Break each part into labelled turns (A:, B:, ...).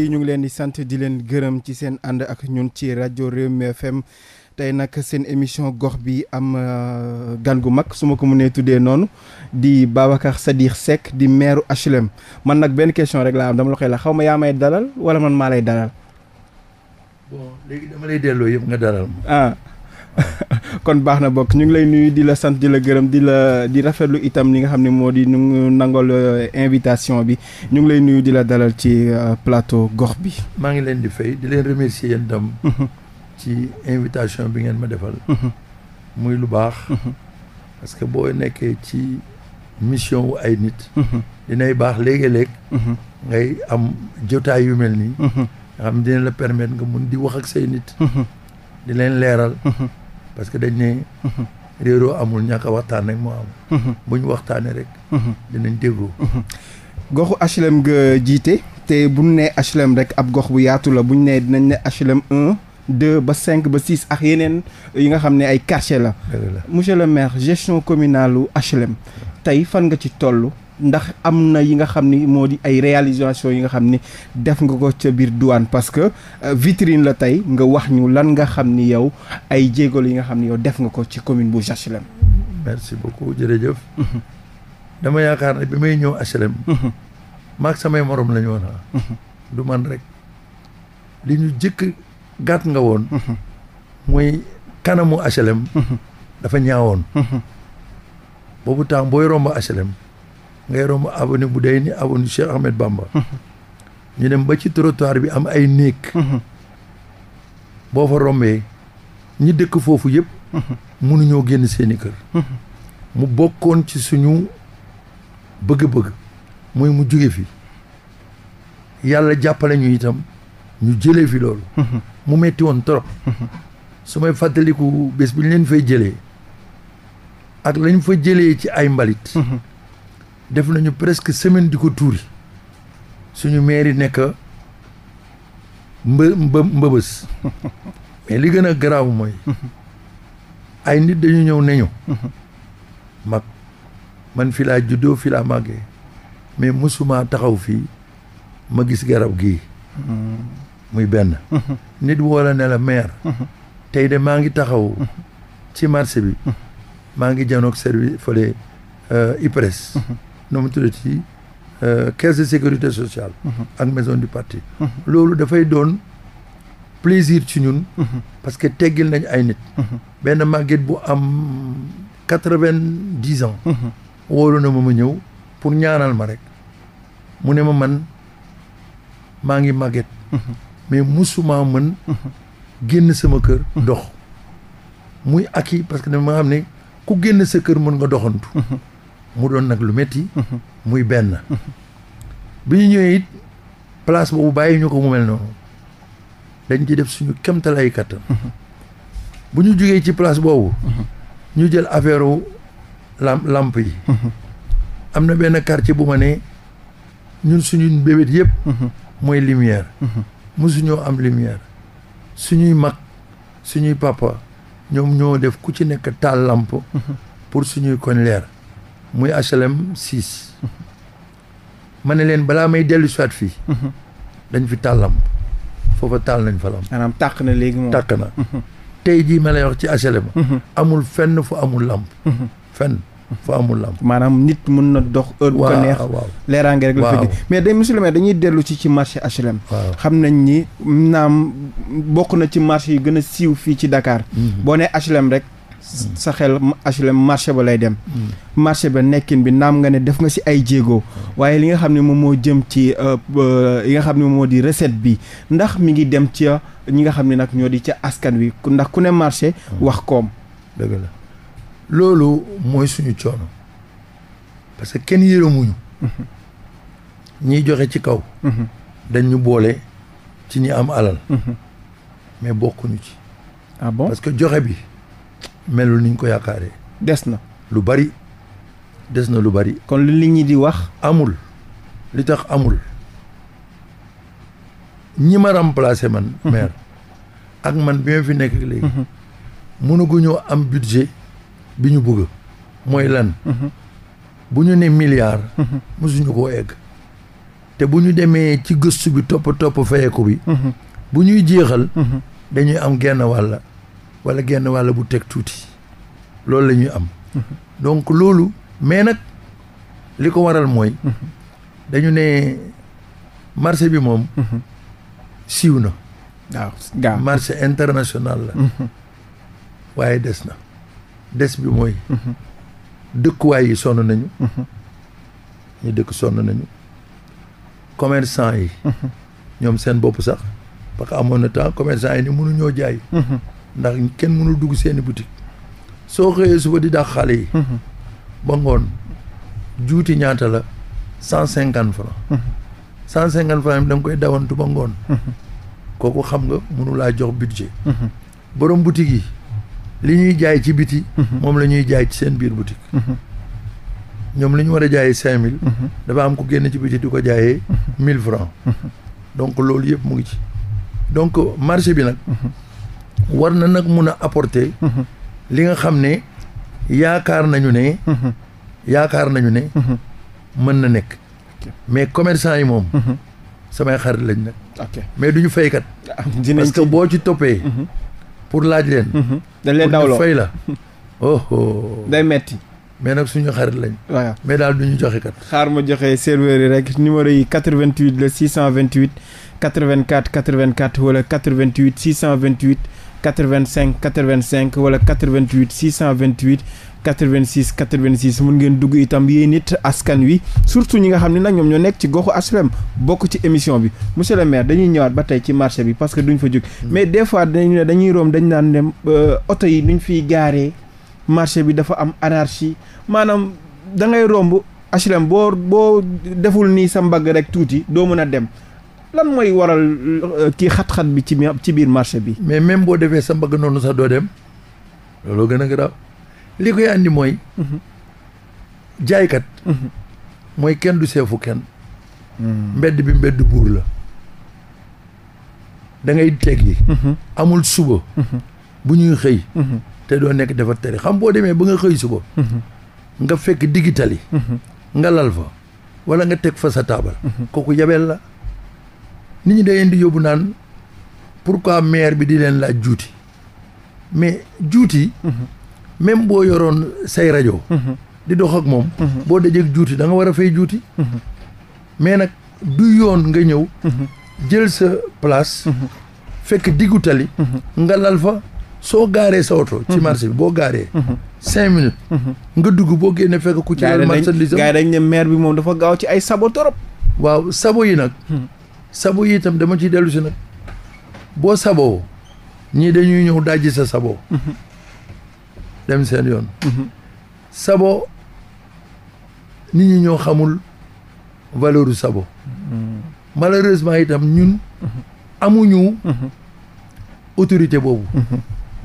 A: lii ñu ngi leen di sant di leen gërëm ci seen ànd ak ñun ci rajo Rewmi FM tey nag seen émission gox bi am euh, gan gu mag su ma ko mënee tuddee noonu di Babacar Sadikh Seck di meeru HLM man nag benn question rek laa am dama la koy la xaw yaa may dalal wala man maa lay dalal.
B: léegi dama lay delloo yëpp
A: kon baax na bokk ñu ngi lay nuyu di la sant di la gërëm di la di rafetlu itam li nga xam ne moo di ñu nangol euh, invitation bi ñu ngi lay nuyu di la dalal ci euh, plateau
B: gox bi. maa ngi leen di fay di leen remercier yéen itam. Mhm. ci invitation bi ngeen ma defal. Mhm. muy lu baax. Mhm. parce que boo nekkee ci mission ay nit. dinay baax léegi-léeg. ngay am jotaay yu mel nii. nga xam dina la permettre nga mun di wax ak say nit. di leen leeral. parce que dañ ne. réeroo amul ñàkk waxtaan rek moo am. bu ñu waxtaanee rek. dinañ déggoo.
A: goxu HLM nga jiite te bu ñu nee HLM rek ab gox bu yaatu la bu nee dinañ ne HLM 1 2 ba cinq ba 6 ak yeneen yi nga xam ne ay quartier la. monsieur le maire gestion communale lu HLM tey fan nga ci toll. ndax am na yi nga xam ni moo di ay réalisation yi nga xam ni def nga ko ca biir douane parce que euh, vitrine la tey nga wax ñu lan nga xam ni yow ay jéegal yi nga xam ni yow def nga ko ci commune bu HLM.
B: merci beaucoup jërëjëf. Mhm. dama yaakaar ne bi may ñëw HLM. Mhm. maak samay morom la ñu ah. mhm. du man rek li ñu jëkk gàtt nga woon. mooy kanamu HLM. dafa ñaawoon. boobu temps booy romb HLM. ngay romb avenue bu day ni avenue Cheikh Ahmed Bamba ñu dem ba ci trottoir bi am ay néeg boo fa rombee ñi dëkk foofu yëpp mënuñoo génn seeni kër mu bokkoon ci suñu bëgg-bëgg mooy mu jóge fi yàlla jàppale ñu itam ñu jëlee fi loolu mu metti woon trop su may fàttaliku bés bi ñu leen fay jëlee ak lañ fa jëlee ci ay mbalit def nañu presque semaine di ko tuuri suñu mairie nekk mbë mbëbës mais li gën a garaaw mooy ay nit dañu ñëw neñu mag man fi laa juddoo fi laa màggee mais mosuma taxaw fii ma gis garab gii hmm. muy benn nit woola ne la maire tey de maa ngi taxaw ci marché bi maa ngi janoog service fële euh, IPRES nu mu tuddati ci euh, caisse de sécurité sociale mhm. ak maison du parti mhm. loolu dafay doon plaisir ci ñun mhm. parce que teggil nañ ay nit benn màgget bu am quatre-vingt-dix ans na ma ma ñëw pour ñaanal ma rek mu ne ma man maa ngi màgget mais musuma mën génn sama kër dox muy aki parce que dama xam ne ku génn sa kër mën nga doxantu mu doon nag lu métti. Mhm. muy benn. Mhm. bi ñu ñëwee it place boobu bàyyi ñu ko mu mel noonu dañ ci def suñu kemtalaay kattan. Mhm. bu ñu jugee ci place boobu. ñu jël affaire lamp lamp yi. am na benn quartier bu ma ne ñun suñu bébét yëpp. mooy lumière. mosuñoo am lumière suñuy mag suñuy papa ñoom ñoo def ku ci nekk taal lamp. pour suñuy koñ leer. muy HLM 6 ma ne leen balaa may dellu soit fii dañ fi taal lamp foofa taal nañ fa lamp maanaam tàq na léegi moom tàq na mhm. tey jii ma lay wax ci HLM mhm. amul fenn fu amul lamp mhm. fenn fa amul lamp maanaam nit
A: mun na dox heure bu ko neex leeraange rek la fa mais day monsieur dañuy dellu si ci marché HLM xam nañ ni naam bokk na ci marché yi gën a siiw fii ci Dakar boo ne HLM rek sa xel HLM marché ba lay dem. marché ba nekkin bi naam nga ne def nga si ay jéego waaye li nga xam ne moom moo jëm ci euh, euh, yi nga xam ne moo di recette bi ndax mi ngi dem ca ñi nga xam ne nag ñoo di ca askan wi ndax ku ne marché
B: wax koom. dëgg la loolu mooy suñu coono parce que kenn yërëmuñu. ñiy joxe ci kaw. dañ boole ci ñi am alal. Mm-hmm. mais bokkuñu ci. ah joxe bi. melul ni ñu ko yaakaaree. des na lu bari des na lu bari. kon li ñu di wax. amul li tax amul ñi ma remplacer man. Mhm. maire ak man bi ma fi nekk léegi. Mhm. mënaguñoo am budget bi ñu bëgg. mooy lan. Mhm. bu ñu ne milliard. mosuñu koo egg. te bu ñu demee ci gëstu bi topp topp fayeku bi. bu ñuy jeexal. dañuy am genn wàlla wala genn wàll bu teg tuuti loolu la ñuy am donc loolu mais nag li ko waral mooy dañu ne marché bi moom siiw na waaw marché international la waaye des na des bi mooy dëkkuwaay yi sonn nañu ñu dëkk sonn nañu commerçant yi ñoom seen bopp sax parce que amoon na temps commerçant yi ni mënuñoo jaay ndax kenn mënul dugg seeni boutique soo xëyee suba di dàq xale yi mhm. ba ngoon juuti ñaata la cent cinquante franc mhm. cent cinquante franc yi da nga koy dawantu ba ngoon mhm. xam nga mënulaa jox budget borom boutique yi li ñuy jaay ci biti moom la ñuy jaay ci seen biir boutique ñoom li ñu war a jaay cinq mille dafa am ku génn ci biti di ko jaayee mille franc donc loolu yëpp mu ngi ci donc marché bi nag war na nag mun a apporter. li nga xam ne yaakaar nañu ne. yaakaar nañu ne. mën na nekk. mais commerçant yi moom. samay xarit lañ nag. mais du ñu faykat. parce que boo ci toppee. pour laaj leen. dañ leen dawloo pour ñu fay la. Oh, oh day metti mais nag suñu xarit lañ. waaw mais daal du ñu joxe kat.
A: xaar ma joxe serveur yi rek numéro yi 88 la 628 84 84 wala 88 628. 85 85 wala 88 628 86 86 mun ngeen dugg itam yéen it askan wi surtout ñi nga xam ne nag ñoom ñoo nekk ci goxu HLM bokk ci émission bi monsieur le maire dañuy ñëwaat ba tey ci marché bi parce que duñ fa jóg. Mm. mais des fois dañuy ne dañuy room dañ naan dem euh, oto yi nuñ fiy gaaree marché bi dafa am anarchie maanaam da ngay romb HLM boo boo deful nii sa mbagg rek tuuti doo mën a dem. lan mooy waral
B: euh, kii xat-xat bi ci ci biir marché bi. mais même boo defee sa mbagg noonu sax doo dem looloo gën a garaaw li koy andi mooy. Mhm. jaaykat. Mhm. mooy kenn du seefu kenn. Hmm. mbedd bi mbedd buur la. dangay ngay teg yi. Mhm. amul suba. bu ñuy xëy. te doo nekk defar tere xam boo demee ba nga xëy suba. nga fekk digital yi. nga lal fa wala nga teg fa sa taabal. kooku yabeel la. nit ñi da leen di yóbbu naan pourquoi maire bi di leen laa juuti mais juuti. Mhm. même boo yoroon say rajo. Mhm. di dox ak moom. Mhm. boo dajee juuti da nga war a fay juuti. mais nag du yoon nga ñëw. jël sa place. fekk diggu tali. nga lal fa soo gaaree sawoto oto. ci marché bi boo gaaree. cinq minutes. nga dugg boo génne fekk ku ci. marchandise am gars dañ ne maire bi moom dafa gaaw ci ay sabo torop waaw sabo yi nag. sabo yi itam dama ciy dellu si nag boo saboo ñii dañuy ñëw dajji sa saboo mm-hmm. dem seen yoon mm-hmm. sabo nit ñu ñoo xamul valeur u sabo mm-hmm. malheureusement itam ñun amuñu autorité boobu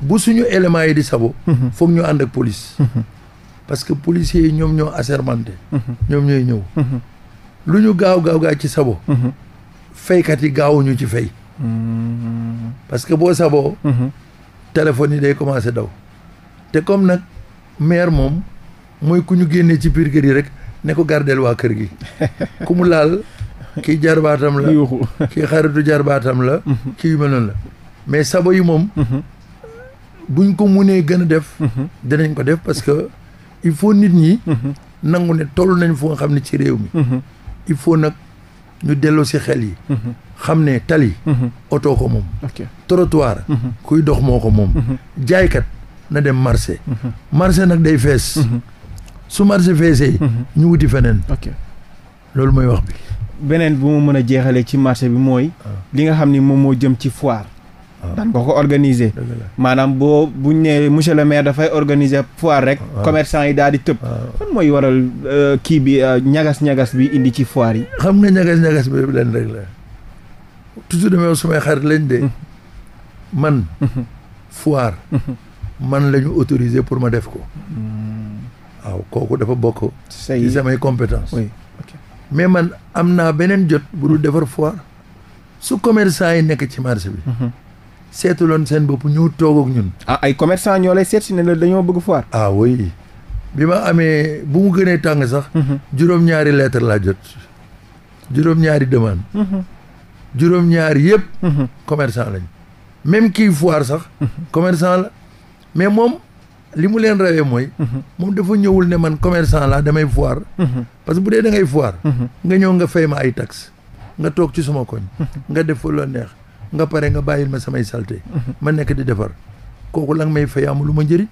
B: bu suñu éléments yi di sabo foog ñu ànd ak police parce que policiers yi ñoom ñoo assermenté ñoom ñooy ñëw lu ñu gaaw gaaw gaaw ci sabo faykat yi gaawuñu ci fay. parce que boo saboo. Mm-hmm. téléphone yi day commencé daw. te comme nag maire moom mooy ku ñu génnee ci biir gër yi rek ne ko gardeel waa kër gi kumu laal ki jarbaatam la kii xaritu jarbaatam la mm-hmm. kii yu noonu la mais sabo yi moom mm-hmm. buñ ko munee gën a def dinañ ko def parce que il faut nit ñi nangu ne toll nañ fu nga xam ne ci réew mi il faut nag ñu delloo si xel yi mhm. xam ne tali mhm. oto ko moom trottoir mhm. kuy dox moo ko moom jaaykat na dem marché marché nag day fees su marché feesee ñu wuti feneen loolu mooy wax bi beneen bu ma mën a jeexalee ci marché bi mooy ah.
A: li nga xam ni moom moo jëm ci foire Ah. daan ko ko organiser maanaam boo buñ ne monsieur le maire dafay organiser foire rek ah. commerçant yi daal di tëb ah. fan mooy waral euh, kii bi
B: euh, ñagas-ñagas bi indi ci foire yi xam nga ñagas-ñagas bi yëpp leen rek la toujours damay samay xarit lañ de hmm. man hmm. foire hmm. man la autorisé pour ma def ko waaw kooku dafa bokk ci samay compétence mais man am naa beneen jot bu dul defar foire su commerçant yi nekk ci marché bi seetuloon seen bopp ñu toog ak ñun. Ah, ay commerçant ñoo lay seet si ne la dañoo bëgg foire. ah oui bi ma amee bu mu gënee tàng sax. Mhm. juróom-ñaari lettre laa jot juróom-ñaari demande. Mhm. juróom-ñaari yëpp. Mhm. commerçant lañ même kii foire sax. commerçant la mais moom li mu leen rawee mooy. moom dafa ñëwul ne man commerçant laa damay foire. parce que bu dee da ngay foire. nga ñëw nga fay ma ay taxes. nga toog ci sama koñ. nga def fa loo neex. nga pare nga bàyyil ma samay salté mhm. ma nekk di defar kooku la nga may fay amul lu ma njëriñ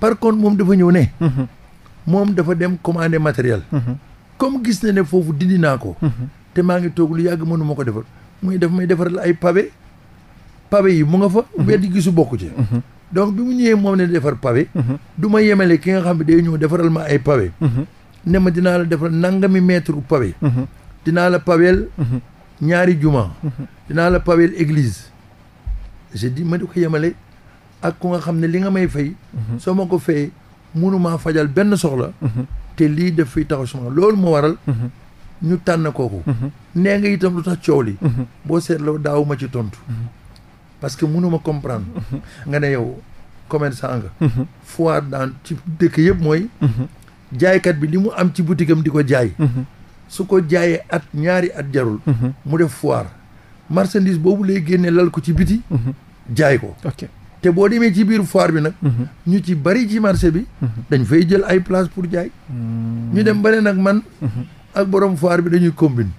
B: par contre moom dafa ñëw ne mhm. moom dafa dem commander matériel mhm. comme gis na ne foofu dindi naa ko te maa ngi toog lu yàgg mënu ma ko defar muy def may defaral ay pavé pavé yi mu nga fa wedd gisu bokku ci donc bi mu ñëwee moom ne defar pavé du ma yemale ki nga xam ne day ñëw defaral ay pavé ne ma dinaa la defaral nangami mètre pavé dinaa la pavel ñaari juma. dinaa la paweel église. j'ai dit ma di ko yemale ak ku nga xam ne li nga may fay. soo ma ko fayee mënumaa fajal benn soxla. te lii def fi taxaw suma loolu moo waral. ñu tànn kooku. nee nga itam lu tax coow li. boo seetloo daaw ma ci tontu. parce que mënuma comprendre. nga ne yow commerçant nga. foire dans ci dëkk yëpp mooy. jaaykat bi li mu am ci boutique am di ko jaay. su ko jaayee at ñaari at jarul. Mhm. mu def foire marchandise boobu lay génne lal ko ci biti. Mhm. jaay ko. ok te boo demee ci biir foire bi nag. Mhm. ñu ci bari ci marché bi. dañ fay jël ay place pour jaay. Mm. ñu dem ba nag man. ak borom foire bi dañuy combine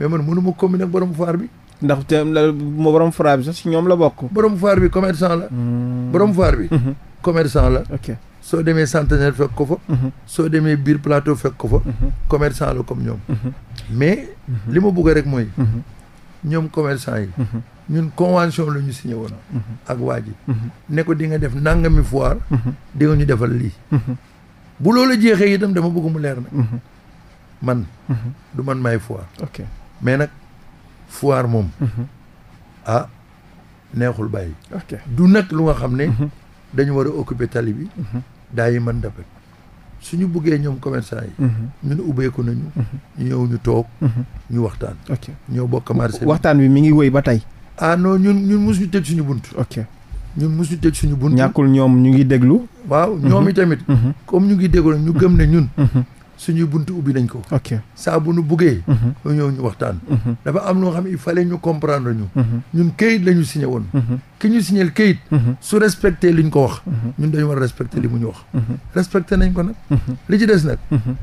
B: mais man mënu ma combine ak borom foire bi. ndax te borom foire bi sax si ñoom la bokk. borom foire bi commerçant la. Mm. borom foire bi. commerçant la. soo demee centenaire fekk ko fa. Mhm. soo demee biir plateau fekk ko fa. Mhm. commerçant la comme ñoom. Mhm. mais li ma bëgg rek mooy. ñoom commerçant yi. ñun convention la si signé woon. ak waa ji. ne ko di nga def nangami foire. di nga ñu defal lii. bu loolu jeexee itam dama bëgg mu leer nag. man. du man maay foire. mais nag foire moom. ah neexul bàyyi. ok du nag lu nga xam ne. dañu war a occuper tali bi. Mhm. daa yi mën dapat suñu buggee ñoom commerçant yi. Mhm. ñun ubbeeku nañu. Mhm. ñu ñëw ñu toog. ñu waxtaan. ok ñëw bokk marché waxtaan bi mi ngi wéy ba tey. ah non ñun ñun mosuñu tëj suñu bunt. ok ñun mosuñu tëj suñu bunt. ñàkkul ñoom ñu ngi déglu. waaw ñoom i tamit. comme ñu ngi déglu ñu gëm na ñun. suñuy buntu ubbi nañ ko. ok saa bu nu buggee. Mhm. ñu ñëw ñu waxtaan. Mhm. dafa am loo xam ne il fallait ñu comprendre ñu. Mhm. ñun kayit la ñu woon. ki ñu signé kayit. su respecté li ñu ko wax. ñun dañu war a li mu ñu wax. respecté nañ ko nag. li ci des nag.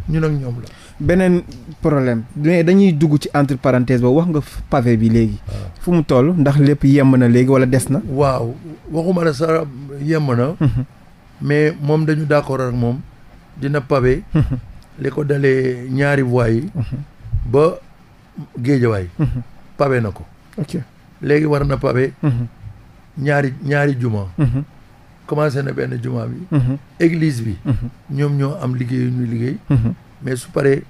B: ñun ak ñoom la.
A: beneen problème mais dañuy dugg ci entre parenthèse ba wax nga pavé bi léegi. Ah. fu mu toll ndax lépp yem na léegi wala des na.
B: waaw waxuma la sa yem na. mais moom dañu d'accord ak moom dina pavé. li ko dalee ñaari voies yi. Mhm. ba géejawaay. Mhm. pavé na ko. léegi war na pavé. Mhm. ñaari ñaari juma. commencé na benn juma bi. église bi. ñoom ñoo am liggéeyu ñuy liggéey. mais su paree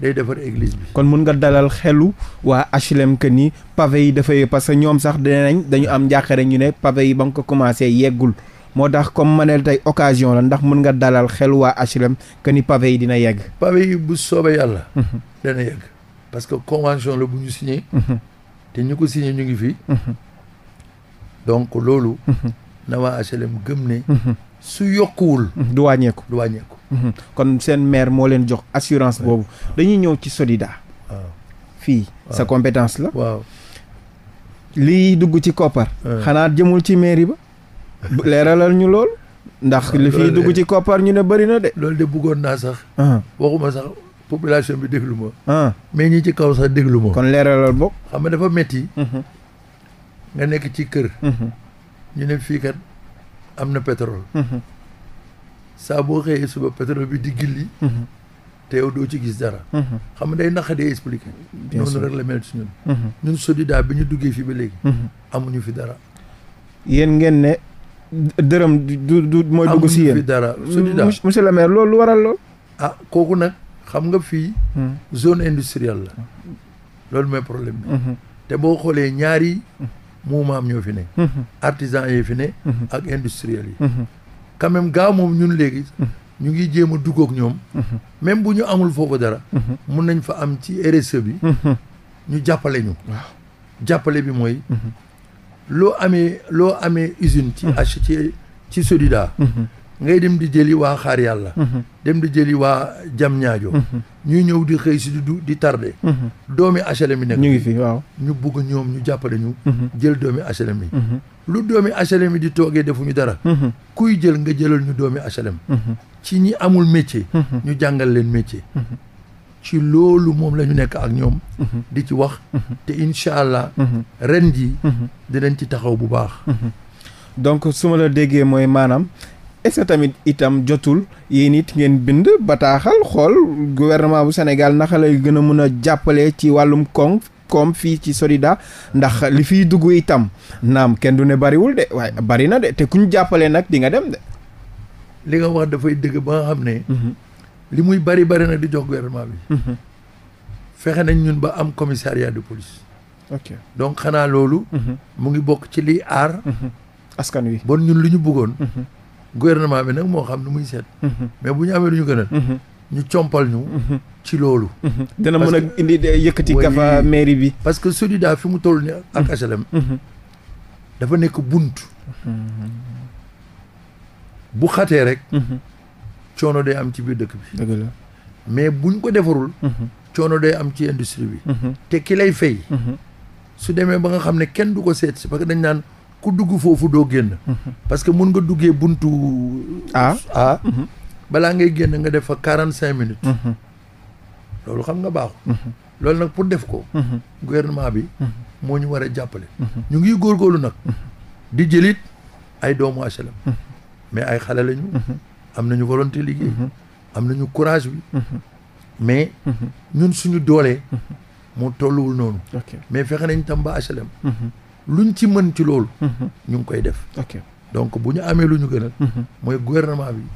B: day defar église bi.
A: kon mun nga dalal xelu waa HLM que ni pavé yi dafay parce que ñoom sax dinañ dañu am njàqare ñu ne pavé yi ba nga ko commencé yeggul. moo tax comme ma ne tey occasion la ndax mën nga dalal xel waa HLM que ni pavé yi dina yegg.
B: pavé yi bu soobee yàlla. Mhm. dana yegg parce que convention la bu ñu signé. Mhm. te ñu ko signé ñu ngi fii. Mhm. donc loolu. na waa HLM gëm ne.
A: su yokkuwul. du wàññeeku du wàññeeku. kon seen maire moo leen jox assurance boobu dañuy ñëw ci Solida. fii sa compétence la. waaw liy dugg ci koppar. xanaa jëmul ci mairie ba. leeralal ñu lool. ndax li fiy dugg ci
B: koppar ñu ne bëri na de. loolu de bëggoon naa sax. Ah. waxuma sax population bi déglu ma. Ah. mais ñi ci kaw sax déglu ma. kon leeralal bokk. xam nga dafa metti mhm. nga nekk ci kër. Mhm. ñu ne fii kat am na pétrole. Mhm. saa boo xëyee suba pétrole bi di gilli. te yow doo ci gis dara. xam nga day naqa day expliqué. noonu rek la mel ci ñun. ñun solidaire bi ñu duggee fii ba léegi. amuñu fi dara.
A: yéen ngeen ne. dërëm du du mooy dugg si yéen dara su di daal
B: monsieur le maire loolu waral lool. ah kooku nag xam nga fi hmm. zone industrielle la. loolu mooy problème bi. Hmm. te boo xoolee ñaari mouvement hmm. am ñoo fi ne. artisan yi fi ak industriel yi. quand même gaa moom ñun léegi. ñu ngi jéem a dugg ak ñoom. même bu ñu amul foofu dara. mun nañ fa am ci RSE bi. ñu jàppale ñu. jàppale bi mooy. loo amee loo amee usine. ci mhm. H ci ci Sodida. Mhm. ngay dem di jëli waa xaar yàlla. Mhm. dem di jëli waa jam ñaajo. ñuy ñëw di xëy si du di tardé. doomi HLM yi ñu ngi fi waaw ñu ñu jàppale ñu. jël doomi HLM yi. lu doomi HLM yi di toogee defuñu dara. kuy jël nga jëlal ñu doomi HLM. ci ñi amul métier. ñu jàngal leen ci loolu moom la ñu nekk ak ñoom. Mhm. di ci wax. Mhm. te incha allah. Mhm. ren ji dinañ ci taxaw bu baax. donc su la déggee mooy maanaam
A: est tamit itam jotul yéen it ngeen bind bataaxal xool gouvernement bu Sénégal naka lay gën a mën a jàppale ci wàllum koom koom fii ci Solida ndax li fiy dugg itam naam kenn du ne bariwul de waaye bari na de te kuñ jàppale nag di nga dem de.
B: li nga wax dafay dëgg ba xam ne. li muy bari bari na di jox gouvernement bi. Mhm. fexe nañ ñun ba am commissariat de police. donc xanaa loolu. Mhm. mu ngi bokk ci liy aar. Mhm. askan wi bon ñun lu ñu bëggoon. gouvernement bi nag moo xam nu muy seet. mais bu ñu amee lu ñu gënal. ñu compal ñu. ci loolu. dana mën a indi yëkkati gafa mairie bi. parce que SODIDA fi mu toll ni ak HLM. dafa nekk bunt. bu xatee rek. coono day am ci bi. dëgg la mais buñ ko defarul. Mhm. coono day am ci industrie bi. Mhm. te ki lay fay. Mhm. su demee ba nga xam ne kenn du ko seet si parce que dañ naan ku dugg foofu doo génn. parce que mun nga duggee buntu. a ah. balaa ngay génn nga def fa quarante cinq minutes. loolu xam nga baaxul. loolu nag pour def ko. gouvernement bi. moo ñu war a jàppale. ñu ngi góorgóorlu nag. di jëlit ay doomu HLM. mais ay xale lañu. am nañu volonté liggéey mm-hmm. am nañu courage bi mm-hmm. mais mm-hmm. ñun suñu doolee moo tolluwul noonu mais fexe nañ tam ba HLM luñ ci mën ci loolu ñu koy def donc bu ñu amee lu ñu gënal mooy gouvernement bi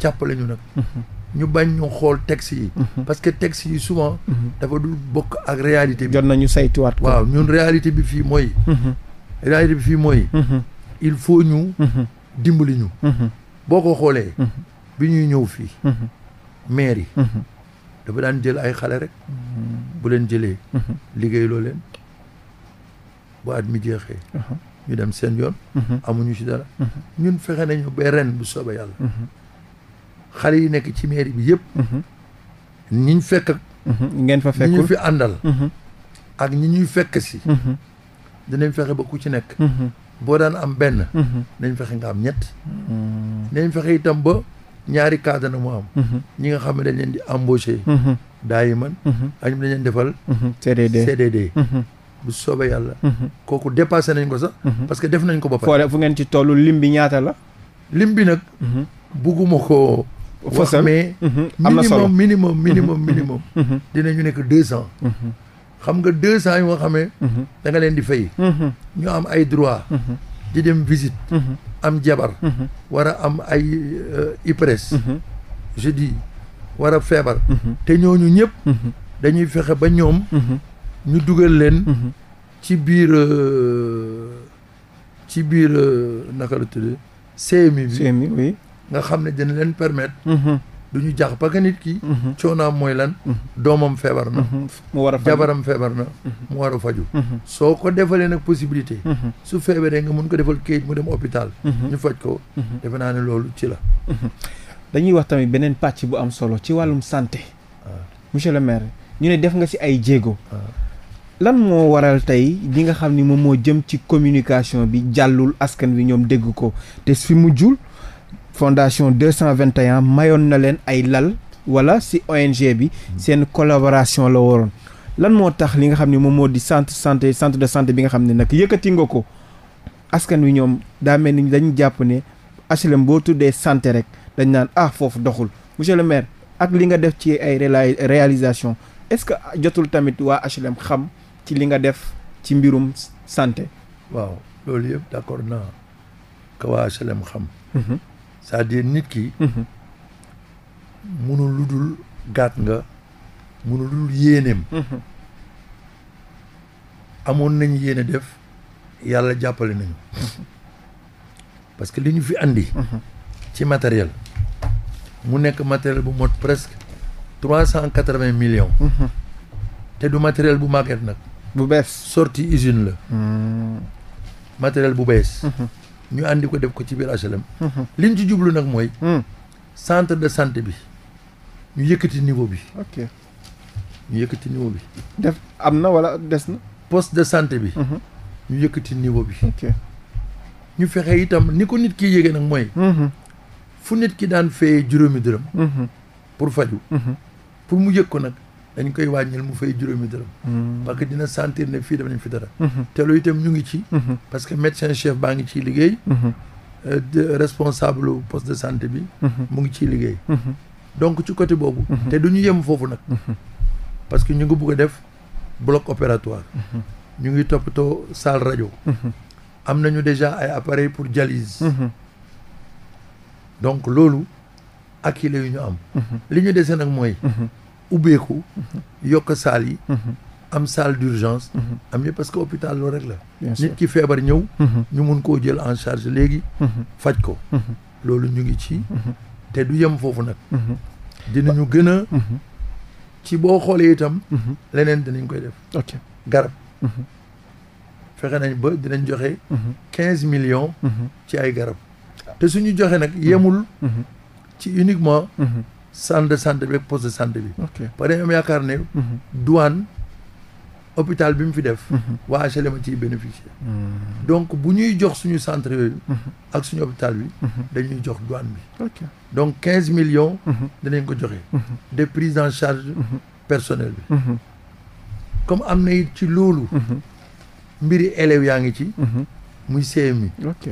B: jàppale ñu nag ñu bañ ñu xool texte yi parce que texte yi souvent dafa dul bokk ak réalité bi jot nañu saytuwaat waaw ñun réalité bi fii mooy réalité fii mooy il faut ñu dimbali ñu boo ko xoolee. Mhm. bi ñuy ñëw fii. Mhm. maire yi. Mhm. dafa daan jël ay xale rek. bu leen jëlee. liggéey loo leen bu at jeexee. Uh-huh. ñu dem seen yoon. amuñu ci dara. ñun fexe nañu ba ren bu soobee yàlla. xale yi nekk ci mairie bi yëpp. ñiñ fekk ak. ngeen fa fekkul ñi ñu fi àndal. ak ñi ñuy fekk si. dinañ fexe ba ku ci nekk. boo daan am benn. Mhm. nañ fexe nga am ñett. Mm. nañ fexe itam ba ñaari cadre na mu am. Mhm. ñi nga xam ne dañ leen di embauché. Mhm. daay man. ak dañ leen defal. CDD CDD. bu soobee yàlla. kooku dépassé nañ ko sax. parce que def nañ ko ba pare. fu ngeen ci tollu lim bi ñaata la. lim bi nag. bugguma ko. fosal wax mais. am na solo minimum minimum minimum minimum. dinañu nekk deux cents. xam nga deux cent yu mhm. nga xamee. da leen di fay. Mhm. ñu am ay droit. Mhm. di dem am jabar. war a am ay euh, IPRES. je dis war a feebar. te ñooñu ñëpp. dañuy fexe ba ñoom. ñu dugal leen. ci biir euh, ci biir euh, naka la tudd CMI bi. CMI oui. nga xam ne dina leen permettre. du ñu jax ba nit ki. Mhm. coonaam mooy lan. Mhm. doomam feebar na. Mhm. mu war a faju feebar na. mu war a faju soo ko defalee nag possibilité. su feebaree nga mun ko defal kayit mu dem hôpital. ñu faj ko. defe naa ne loolu ci la. dañuy wax tamit beneen pàcc bu am solo ci wàllum santé. Ah. monsieur
A: le maire ñu ne def nga si ay jéego. Ah. lan moo waral tey li nga xam ni moom moo jëm ci communication bi jàllul askan wi ñoom dégg ko te fi mu jul fondation 221 mayoon na leen ay lal wala si ONG bi hmm. seen collaboration la waroon lan moo tax li nga xam ne moom moo di centre santé centre de santé bi nga xam ne nag yëkkati nga ko askan wi ñoom daa mel ni dañu jàpp ne HLM boo tuddee santé rek dañ naan ah foofu doxul monsieur le maire ak li nga def ci ay réalisation est-ce que jotul tamit waa HLM xam ci li nga def ci mbirum santé
B: waaw loolu yëpp d'accord naa ko waa HLM xam mhm. c'est-à-dire nit ki. Mhm. munul lu dul gàtt nga. munu lu dul yéeneem. Mhm. amoon nañ yéene def yàlla jàppale nañu. Mhm. parce que li ñu fi andi. ci matériel. mu nekk matériel bu mot presque trois cent quatre vingt million te du matériel bu màgget nag. bu bees sorti usine la. Hmm. matériel bu bees. ñu àndi ko def ko ci biir HLM. Mhm. li ñu jublu nag mooy. Hmm. centre de santé bi ñu yëkkati niveau bi. ok ñu yëkkati niveau bi. def am na wala des na. de santé bi. Mhm. ñu yëkkati ni ko nit ki yëgee nag mooy. Mhm. fu nit ki daan fayee juróomi dërëm. pour faju pour mu yëg ko nag. dañ koy wàññil mu fay juróomi dërëm. Hmm. parce que dina sentir ne fii def nañ fi dara. Hmm. te loolu itam ñu ngi ci. Hmm. parce que médecin chef baa ngi ciy liggéey. Euh, responsable poste de santé bi. mu ngi ciy liggéey. donc ci côté boobu. te du ñu yem foofu nag. parce que ñu ngi bugg a def bloc opératoire. ñu ngi toppatoo salle rajo. am nañu déjà ay appareil pour dialyse. donc loolu ak yi la yu ñu am. li ñu dese nag mooy. ubbeeku mhm. yokk saal yi mhm. am salle d'urgence mhm. am yëpp parce que hôpital loolu rek la nit ki feebar ñëw ñu mun koo jël en charge léegi faj ko loolu ñu ngi ci te du yem foofu nag dinañu ñu a ci boo xoolee itam leneen dinañ koy def ok garab fexe nañ ba dinañ joxe quinze millions ci ay garab te suñu joxe nag yemul ci uniquement centre de santé bi ak poste de santé bi. ok ba dañu am yaakaar ne. Mhm. douane hôpital bi mu fi def. Mhm. waa HLM a ciy bénéficier. Mhm. donc bu ñuy jox suñu centre yooyu. ak suñu hôpital bi. dañuy jox douane bi. ok donc quinze millions. danañ ko joxe. de prise en charge personnel bi. comme am na it ci loolu. mbiri élèves yaa ngi ci. muy CMU. ok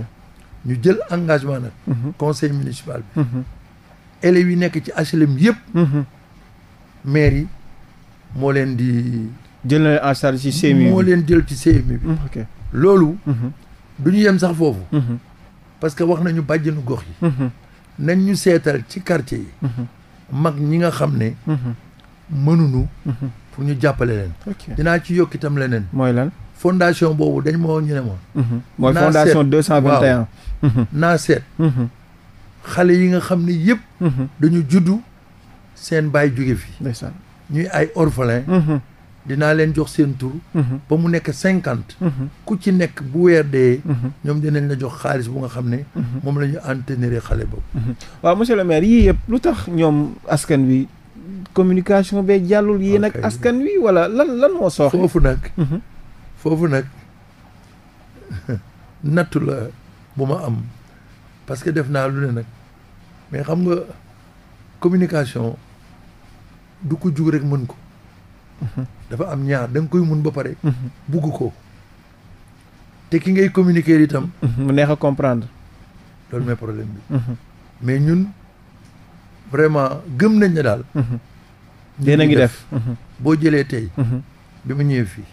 B: ñu jël engagement nag. conseil municipal élèves yi nekk ci HLM yëpp. Mhm. maire yi moo leen di. jël na leen en charge ci CMU moo leen jël ci CMU bi. Mhm, loolu. Mhm. du ñu yem sax foofu. parce que wax nañu bàjjenu gox yi. nañ ñu seetal ci quartier yi. mag ñi nga xam ne. mënuñu. pour ñu jàppale leen. dinaa ci yokk itam leneen. mooy lan fondation boobu dañ moo ñu ne moom. mooy fondation deux cent naa seet. xale yi nga xam ne yëpp. Mhm. dañu juddu seen baay jóge fi. ndeysaan ñuy ay orphelin. Mhm. dinaa leen jox seen tur. Mhm. ba mu nekk cinquante. ku ci nekk bu weer dee. ñoom dinañ la jox xaalis bu nga xam ne. moom la ñu entretenir xale boobu. waaw monsieur le maire yii yëpp lu tax ñoom askan wi communication bee jàllul
A: yéen ak askan wi wala lan lan moo sooxe. foofu nag.
B: foofu nag nattu la bu ma am. parce que def naa lu ne nag mais xam nga communication du ko jug rek mën ko. dafa am ñaar da koy mun ba pare. bugg ko te ki ngay communiquer itam. mu neex a comprendre. loolu mooy problème bi. Mhm. mais ñun vraiment gëm nañ ne daal. Mhm. yéen a ngi def mhm. boo jëlee tey. bi ma ñëwee fii.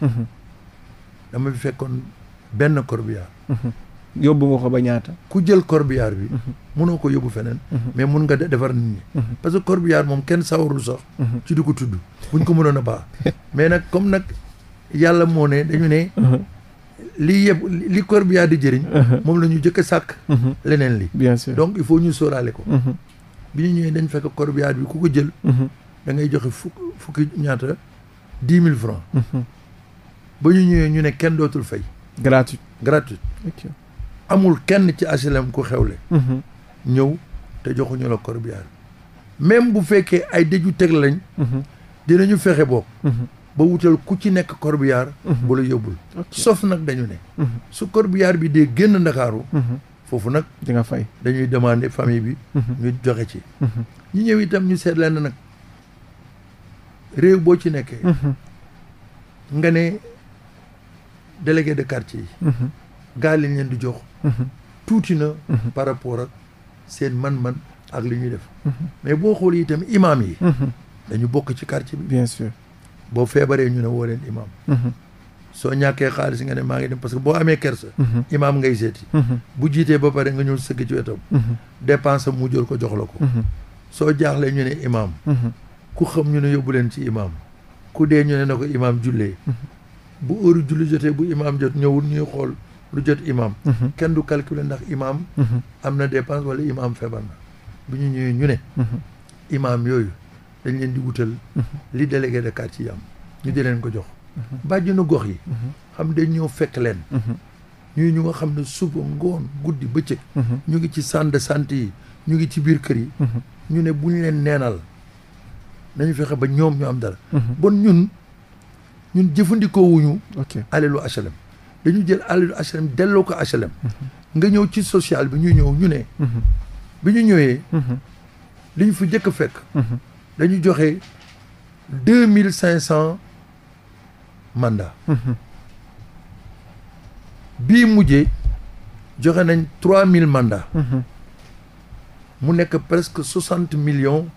B: dama fi fekkoon benn corbillard. yóbbu nga ko ba ñaata ku jël corbillard bi mhm. mënoo ko yóbbu feneen mhm. mais mun nga defar nit ñi mhm. parce que corbillard moom kenn sawarul sax ci di ko tudd buñ ko mënoon a baax mais nag comme nag yàlla moo ne dañu ne li yëpp li corbillard di jëriñ moom la ñu jëkk a sàkk leneen li bien sûr donc il faut ñu sóoraale ko bi ñu ñëwee dañ bi ku ko jël da ngay joxe fukk fukki ñaata dix mille ñu ñëwee ñu ne kenn dootul fay amul kenn ci HLM ku xewle. Mhm. ñëw te joxuñu la bi même bu fekkee ay dëju teg lañ. Mhm. dinañu fexe bokk. Mhm. ba wutal ku ci nekk corbillard. bu la yóbbul. sauf nag dañu ne. su corbillard bi dee génn ndakaaru foofu nag. di nga dañuy demander famille bi. ñu joxe ci. ñu ñëw itam ñu seet leen nag réew boo ci nekkee. nga ne délégué de quartier yi. gaal lañ leen di jox. Mhm. tuuti na mhm. par rapport ak seen man-man ak lu ñu def mhm. mais boo xoolee itam imaam yi dañu bokk ci quartier bi bien sûr boo feebaree ñu ne woo leen imaam soo ñàkkee xaalis nga ne maa ngi dem parce que boo amee kersa imaam ngay seeti bu jiitee ba pare nga ñëw sëgg ci wetam dépense mu jël ko jox la ko soo jaaxlee ñu ne imaam ku xam ñu ne yóbbu leen ci imaam ku dee ñu ne na ko imaam jullee bu heure julli jotee bu imaam jot ñëwul ñuy xool lu jot imam mhm. kenn du calculer ndax imam mhm. am na dépense wala imam feebar na bu ñu ñëwee ñu ne mhm. imam yooyu dañ leen di wutal li délégué de quartier yi am ñu di leen ko jox bàjjenu gox yi xam dañ ñëw fekk leen ñuy ñu nga xam ne suba ñu ngi ci centre de yi ñu ngi ci biir kër yi ñu ne bu ñu leen neenal nañu fexe ba ñoom ñu am dara bon ñun ñun jëfandikoo wuñu alalu dañu jël alalu HLM delloo ko HLM. nga ñëw ci sociale bi ñu ñëw ñu ne. bi ñu ñëwee. li ñu fi njëkk a fekk. dañu joxe deux mille cinq cent mandats. bii mujjee joxe nañ trois mille mandats. mu nekk presque soixante millions.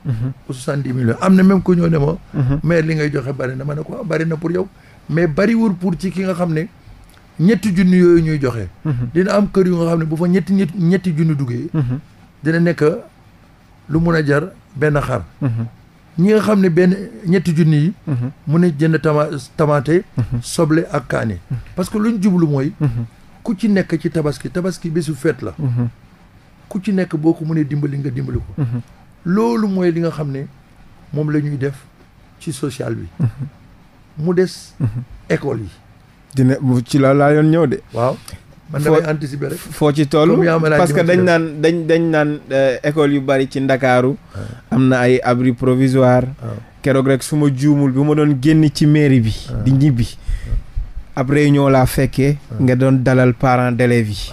B: ou soixante dix am na même ku ñëw ne ma. Mhm. li ngay joxe bari na ma ne ko ah, bari na pour yow mais bariwul pour ci ki nga xam ne. ñetti junni yooyu ñuy joxe. Mhm. dina am kër yu nga xam ne bu fa ñetti nit ñetti junni duggee. Mhm. dina nekk lu mun a jar benn xar. Mhm. ñi nga xam ne benn ñetti junni yi. mun a jënd tama tamaate. soble ak kaani. parce que luñ jublu mooy. ku ci nekk ci tabaski tabaski bésu feet la. ku ci nekk boo ko mënee dimbali nga dimbali ko. loolu mooy li nga xam ne moom la ñuy def ci social bi. mu des école yi.
A: dina ci la laa yoon ñëw de. waaw man damay anticiper rek. foo ci toll parce que dañ naan dañ dañ naan eh, école yu bari ci ndakaaru ah. am na ay abri provisoire. Ah. keroog rek su ma juumul bu ma doon génn ci maire bi. Ah. di ñibbi. ab réunion laa fekkee. nga doon dalal parents d'élèves yi.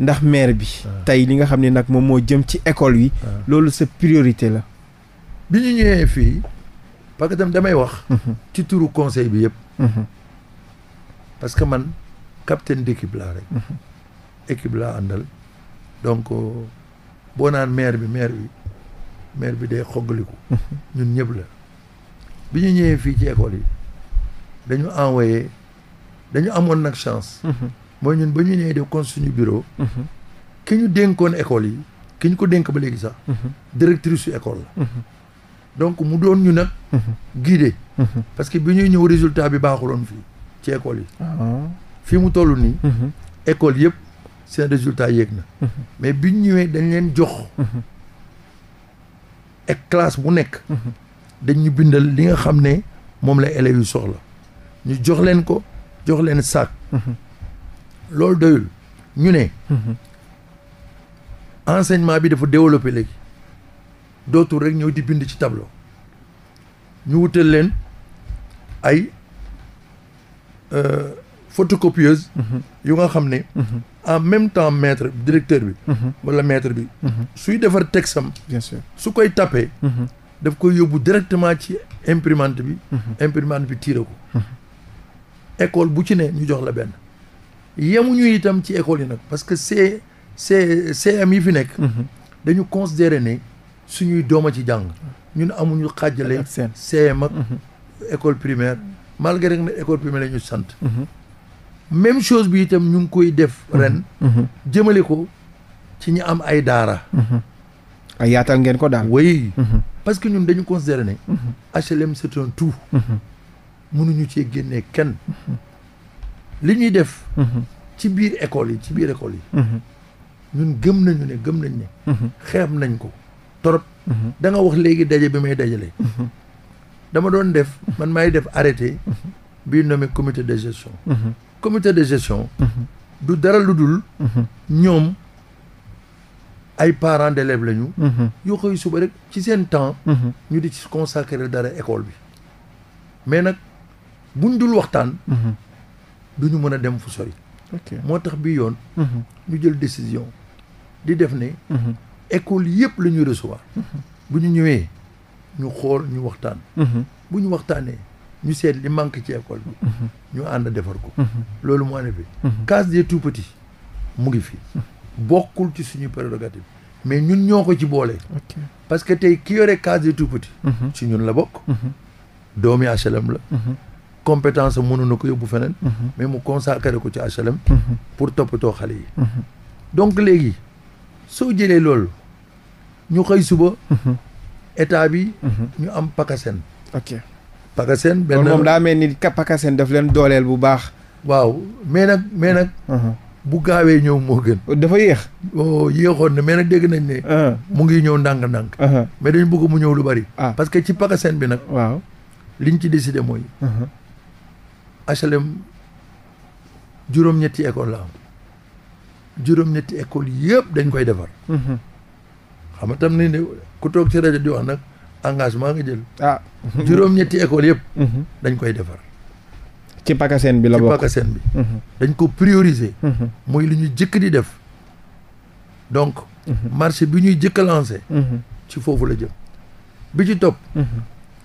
A: ndax maire bi. tey li nga xam ni nag moom moo jëm ci école
B: yi. loolu sa priorité la. bi ñu ñëwee fii parce que tamit damay wax. Mhm. ci turu conseil bi yëpp. Mhm. parce que man capitaine d'équipe laa rek. Mhm. équipe laa àndal. donc boo naan maire bi maire bi maire bi day xoggaliku. Mhm. ñun ñëpp la. bi ñu ñëwee fii ci école yi dañu envoyé dañu amoon nag chance. Mhm. mooy ñun ba ñu ñëwee de kon suñu bureau. ki ñu dénkoon école yi. ki ñu ko dénk ba léegi sax. directrice su école la. donc mu doon ñu nag. guidé. parce que bi ñuy ñëw résultat bi baaxuloon fii. ci école yi. Ah. fii mu toll nii. Mhm. école yëpp seen résultat yéeg na. Mhm. mais bi ñu ñëwee dañ leen jox. ak mhm. classe bu nekk. dañ ñu bindal li nga xam ne moom la élèves yu soxla ñu jox leen ko jox leen saak. loolu doyul ñu ne. enseignement bi dafa développé léegi dootul rek ñëw di bind ci tablo ñu wutal leen ay. Euh, photocopieuse mm-hmm. yu nga xam ne mm-hmm. en même temps maître directeur bi mm-hmm. wala maître bi suy defar texte am su koy tapé daf koy yóbbu directement ci imprimante bi imprimante bi tiire ko école bu ci ne ñu jox la benn yemuñu itam ci école yi nag parce que c'est c'est CM yi fi nekk dañu considérer ne suñuy doom a ci jàng ñun amuñu xàjjale CM ak école primaire malgré que ne école primaire la ñu sant. Mhm. même chose bi itam ñu ngi koy def. ren mhm. Mhm. jëmale ko ci ñi am ay daara. ay yaatal ngeen ko daal. oui parce que ñun dañu considéré ne. HLM c'est un tout. mënuñu cee génnee kenn. li ñuy def. ci biir école yi ci biir école yi. ñun gëm nañu ne gëm nañ ne. xeeb nañ ko trop. da wax léegi daje bi may dajale. dama doon def man may def arrêté bii nommé comité de gestion mhm. comité de gestion mhm. du dara lu dul mhm. ñoom ay parents d'élèves lañu yoo xëy suba rek ci seen temps ñu di ci consacrer dara école bi mais nag buñ dul waxtaan duñu mën a dem fu sori moo tax bi yoon ñu jël décision di def ne école yëpp la ñuy bu ñu ñëwee ñu xool ñu waxtaan mhm. bu ñu waxtaanee ñu seet li manque ci école bi mhm. ñu ànd defar ko mhm. loolu moo ne fi case des tout petits mu ngi fi bokkul ci suñu prérogative mais ñun ñoo ko ci boole parce que tey ki yore case des tout petits ci ñun la bokk doomi HLM la compétence mënu na ko yóbbu feneen mais mu consacré ko ci HLM pour toppatoo xale yi donc léegi soo jëlee loolu ñu xëy suba état bi. Mhm. ñu am PACASEN. ok PACASEN benn moom daa mel ni PACASEN daf leen dooleel bu baax. waaw mais nag mais nag. Mhm. bu gaawee ñëw moo gën. dafa yéex. oh yéexoon na mais nag dégg nañ ne. Mhm. mu ngi ñëw ndànk-ndànk. mais dañu bëgg mu ñëw lu bari. ah parce que ci PACASEN bi nag. waaw liñ ci décidé mooy. HLM juróom-ñetti école la am juróom-ñetti école yëpp dañ koy defar. xam nga tam ne. ku toog ci rajo di wax nag engagement nga jël. ah juróom-ñetti école yëpp. Mhm. dañ koy defar. ci pakaseen bi la bokk ci pakaseen bi. Mhm. dañ ko prioriser. Mhm. mooy lu ñu jëkk di def. donc. marché bi ñuy jëkk a ci foofu la jëm. bi ci topp.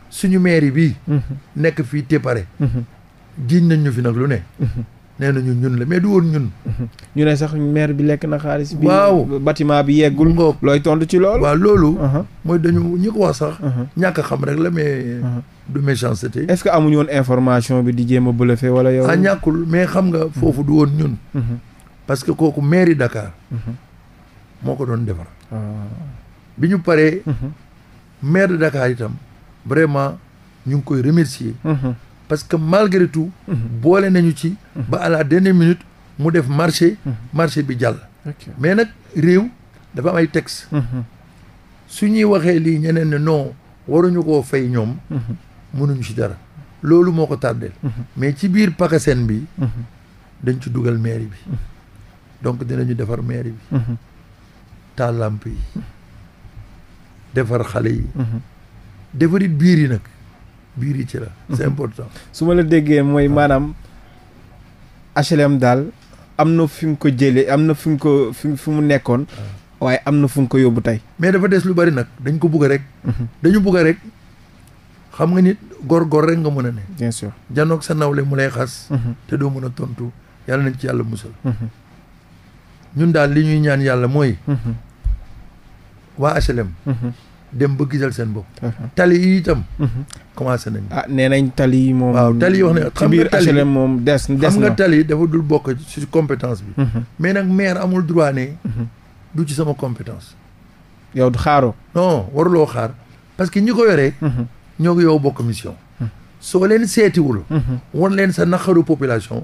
B: suñu mairie bi nekk fii Tépare. jiiñ nañ ñu fi nag lu ne. nee nañu ñun la mais du woon ñun.
A: ñu ne sax maire bi lekk na xaalis. bi waaw bi yeggul. ngoog looy tontu ci loolu. waaw loolu. Uh-huh. mooy dañu ñi ko wax sax. Uh-huh. ñàkk xam rek la mais. Uh-huh. du méchanceté. est-ce que amuñu woon information bi di jéem a bluffé wala yow. ah
B: ñàkkul mais xam nga foofu du woon ñun. parce que kooku mairie Dakar. moo ko doon defar. Ah. bi ñu paree. maire de Dakar itam vraiment ñu ngi koy remercier. parce que malgré tout. boole nañu ci. ba à la dernière minute mu def marché. marché bi jàll. mais nag réew dafa am ay texte. su ñuy waxee lii ñeneen ne non waruñu koo fay ñoom. mënuñu ci dara loolu moo ko tardeel mais ci biir pakaseen bi. dañ ci dugal mairie bi. donc dinañu defar mairie bi. taal làmp yi. defar xale mhm. biir yi nag. biir yi ci la mhm.
A: su ma la déggee mooy maanaam HLM daal am na fi nga ko jële am na fi nga ko fi fi mu nekkoon ah. waaye am na fu nga ko yóbbu tey mais dafa des
B: lu bari nag dañ ko bugg rek mhm. dañu bugg rek xam nga nit góor-góor rek nga mën a ne bien sa nawle mu lay xas mhm. te doo mën a tontu yàlla nañ ci yàlla musal ñun daal li ñuy ñaan yàlla mooy waa HLM dem ba gisal seen bopp. Uh-huh. tali yi itam. Uh-huh. commencé nañ ah nee nañ tali yi moom. waaw tali yi wax ne xam nga tali moom des des xam nga tali dafa dul bokk ci compétence bi. Uh-huh. mais nag maire amul droit ne. du ci sama compétence. yow du xaaroo. non waruloo xaar parce que ñi ko yoree. ñoo ngi yow bokk mission. soo leen seetiwul. wan leen sa naqaru population.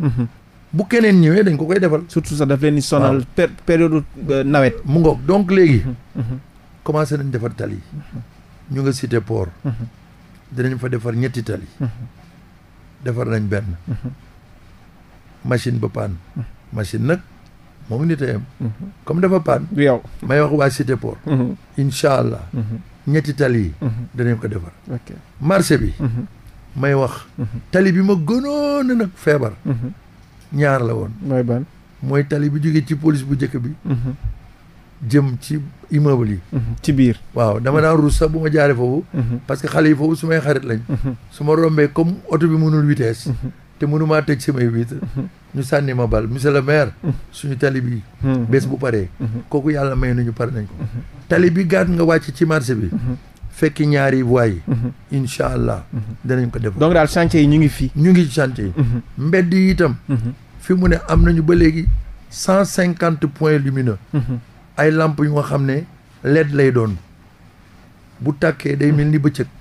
B: bu keneen ñëwee dañ ko koy defal. surtout sax daf leen di sonal. période euh, nawet. mu ngoog donc léegi. commencé nañ defar tali ñu nga cité port dinañ fa defar ñetti tali defar nañ benn machine ba paan machine nag moom nit a yem comme dafa paan may wax waa cité port incha ñetti tali yi danañ ko defar marché bi may wax tali bi ma gënoon na nag feebar ñaar la woon mooy tali bi jógee ci police bu jëkk bi jëm ci immeuble mhm. ci biir. waaw dama daan ruus bu ma jaaree foofu. Mhm. parce que xale yi foofu su may xarit lañ. Mhm. su ma rombee comme oto bi mënul vitesse. te mënumaa teg samay vitre. ñu sànni ma bal monsieur le maire. suñu tali bi. bés bu paree. kooku yàlla may nañu pare nañ ko. tali bi gaat nga wàcc ci marché bi. fekk ñaari voies yi. incha allah. danañ ko def. donc daal chantier yi ñu ngi fii. ñu ngi chantier yi. mbedd yi itam. fi mu ne am nañu ba léegi cent cinquante points lumineux. ay làmp yu nga xam ne LED lay doon bu tàkkee day mel ni bëccëg.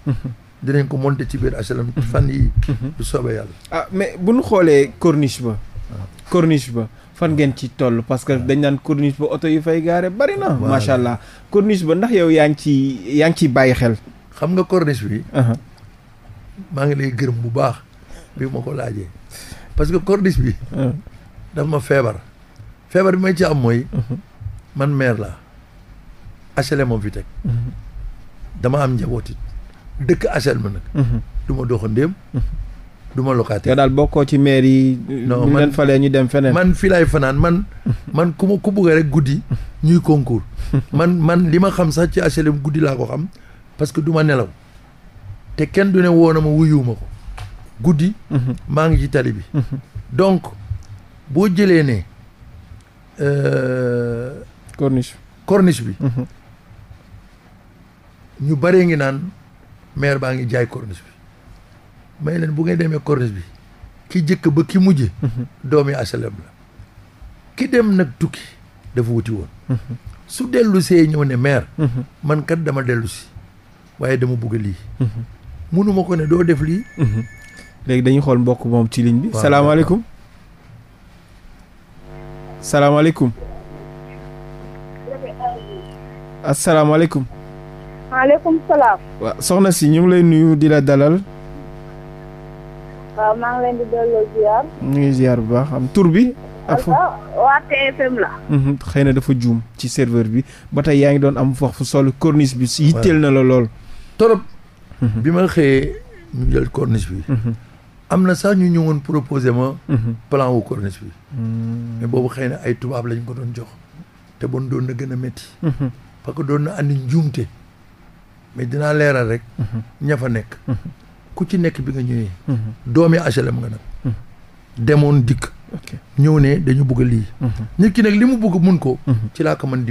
B: dinañ ko monter ci biir HLM. fan yi bu soobee yàlla. ah mais bu ñu xoolee corniche ba. Ah. corniche fan ngeen
A: ci toll parce que ah. dañ naan corniche ba oto yu fay gaare bari na. macha allah corniche ba ndax yow yaa ngi
B: ci yaa ngi ciy bàyyi xel. xam nga corniche bi. Uh-huh. maa ngi lay gërëm bu baax bi ma ko laajee parce que corniche bi. Uh-huh. daf ma feebar. feebar bi may ci am mooy. Uh-huh. man maire laa HLM moom fi teg. Mm-hmm. dama am njaboot it dëkk HLM nag. Mm-hmm. du ma doxandéem. Mm-hmm. du ma locataire. daal bokkoo ci maire yi. non man leen ñu dem man fii fanaan man. man ku ma ku bëgg rek guddi. ñuy concours. man man li ma xam sax ci HLM guddi laa ko xam parce que du ma nelaw te kenn du ne woo na ma wuyuwuma ko guddi. maa ngi ci tali bi. donc boo jëlee ne. Euh, corniche corniche bi. Mhm. ñu baree ngi naan maire baa ngi jaay corniche bi may leen bu ngay demee corniche bi ki jëkk ba ki mujj. Mhm. doomi asalem la ki dem nag tukki dafa wuti woon. Mhm. su dellu see ñëw ne maire. man kat dama dellusi waaye dama bugg lii. munuma ko ne doo def lii.
A: léegi dañuy xool mbokk moom ci ligne bi. salaamaaleykum salaamaaleykum. asalaamaaleykum.
B: maaleykum salaam.
A: soxna si ñu ngi lay nuyu di dalal.
B: waaw maa leen di delloo ziar.
A: ñu ngi bu baax am tur bi. ak fo
B: waa
C: TFM la.
A: Mhm, xëy na dafa juum ci serveur bi ba yaa ngi doon am wax fu sol korniis
B: bi. waaw yitteel na la lool. torop. Mhm. bi ma xëyee ñu jël corniche bi. Mhm. am na sax ñu ñëwoon proposé ma. plan wu corniche bi. mais boobu xëy na ay tubaab lañ ko doon jox. te bon doon na gën a metti parce que doon na andi njuumte mais dinaa leeral rek. Mhm. ña fa nekk. Mhm. ku ci nekk bi nga ñëwee. Mhm. doomi HLM nga nag. demoon dikk. ñëw ne dañu bugg lii. nit ki nag li mu bëgg mun ko. ci laa ko mën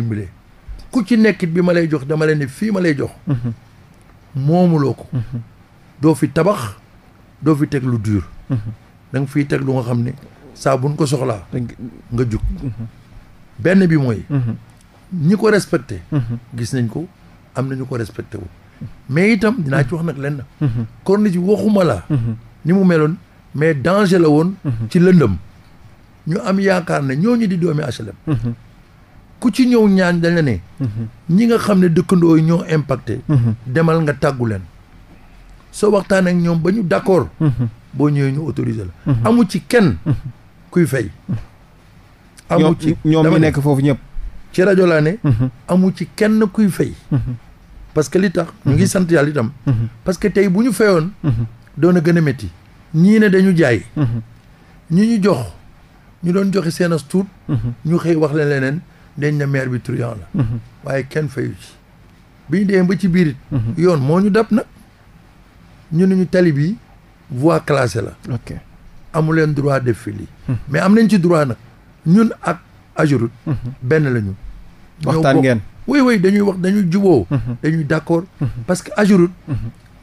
B: ku ci nekk bi ma lay jox dama leen ne fii ma lay jox. moomuloo ko. doo fi tabax doo fi teg lu dur. da fii fiy teg lu nga xam ne saa ko soxlaa. nga jug benn bi mooy. ñi ko respecté. Mhm. gis nañ ko am na ñu ko respecté wu. mais itam dinaa ci wax nag lenn. corniche mhm. bi waxuma la. Mhm. ni mu meloon mais danger la woon. ci lëndëm. ñu am yaakaar ne ñooñu di doomi HLM. ku ci ñëw ñaan dañ la ne. ñi nga xam ne dëkkandoo yi ñoo impacté. demal nga tàggu leen. soo waxtaan ñoom ba ñu d'accord. boo ñëwee ñu autorisé la. amu ci kenn kuy fay. amu ci ñoom ñi nekk foofu ñëpp. ci rajo laa ne. Mhm. amu ci kenn kuy fay. Mhm. parce que li tax. ñu ngi mhm. sant yàlla itam. parce que tey bu ñu fayoon. doon a gën a métti. ñii ne dañu jaay. ñu ñu jox ñu doon joxe seen as tuut. ñu xëy wax leen leneen dañ na maire bi la. waaye kenn fayu ci. bi ñu demee ba ci biir yoon moo ñu dab nag. ñu ne ñu tali bi voie classée la. ok amu leen droit def fii lii. mais am nañ ci droit nag ñun ak. Ageroute. Mhm. benn lañu. waxtaan ngeen oui oui dañuy wax dañuy juboo mhm. dañuy d'accord. Mhm. parce que Ageroute.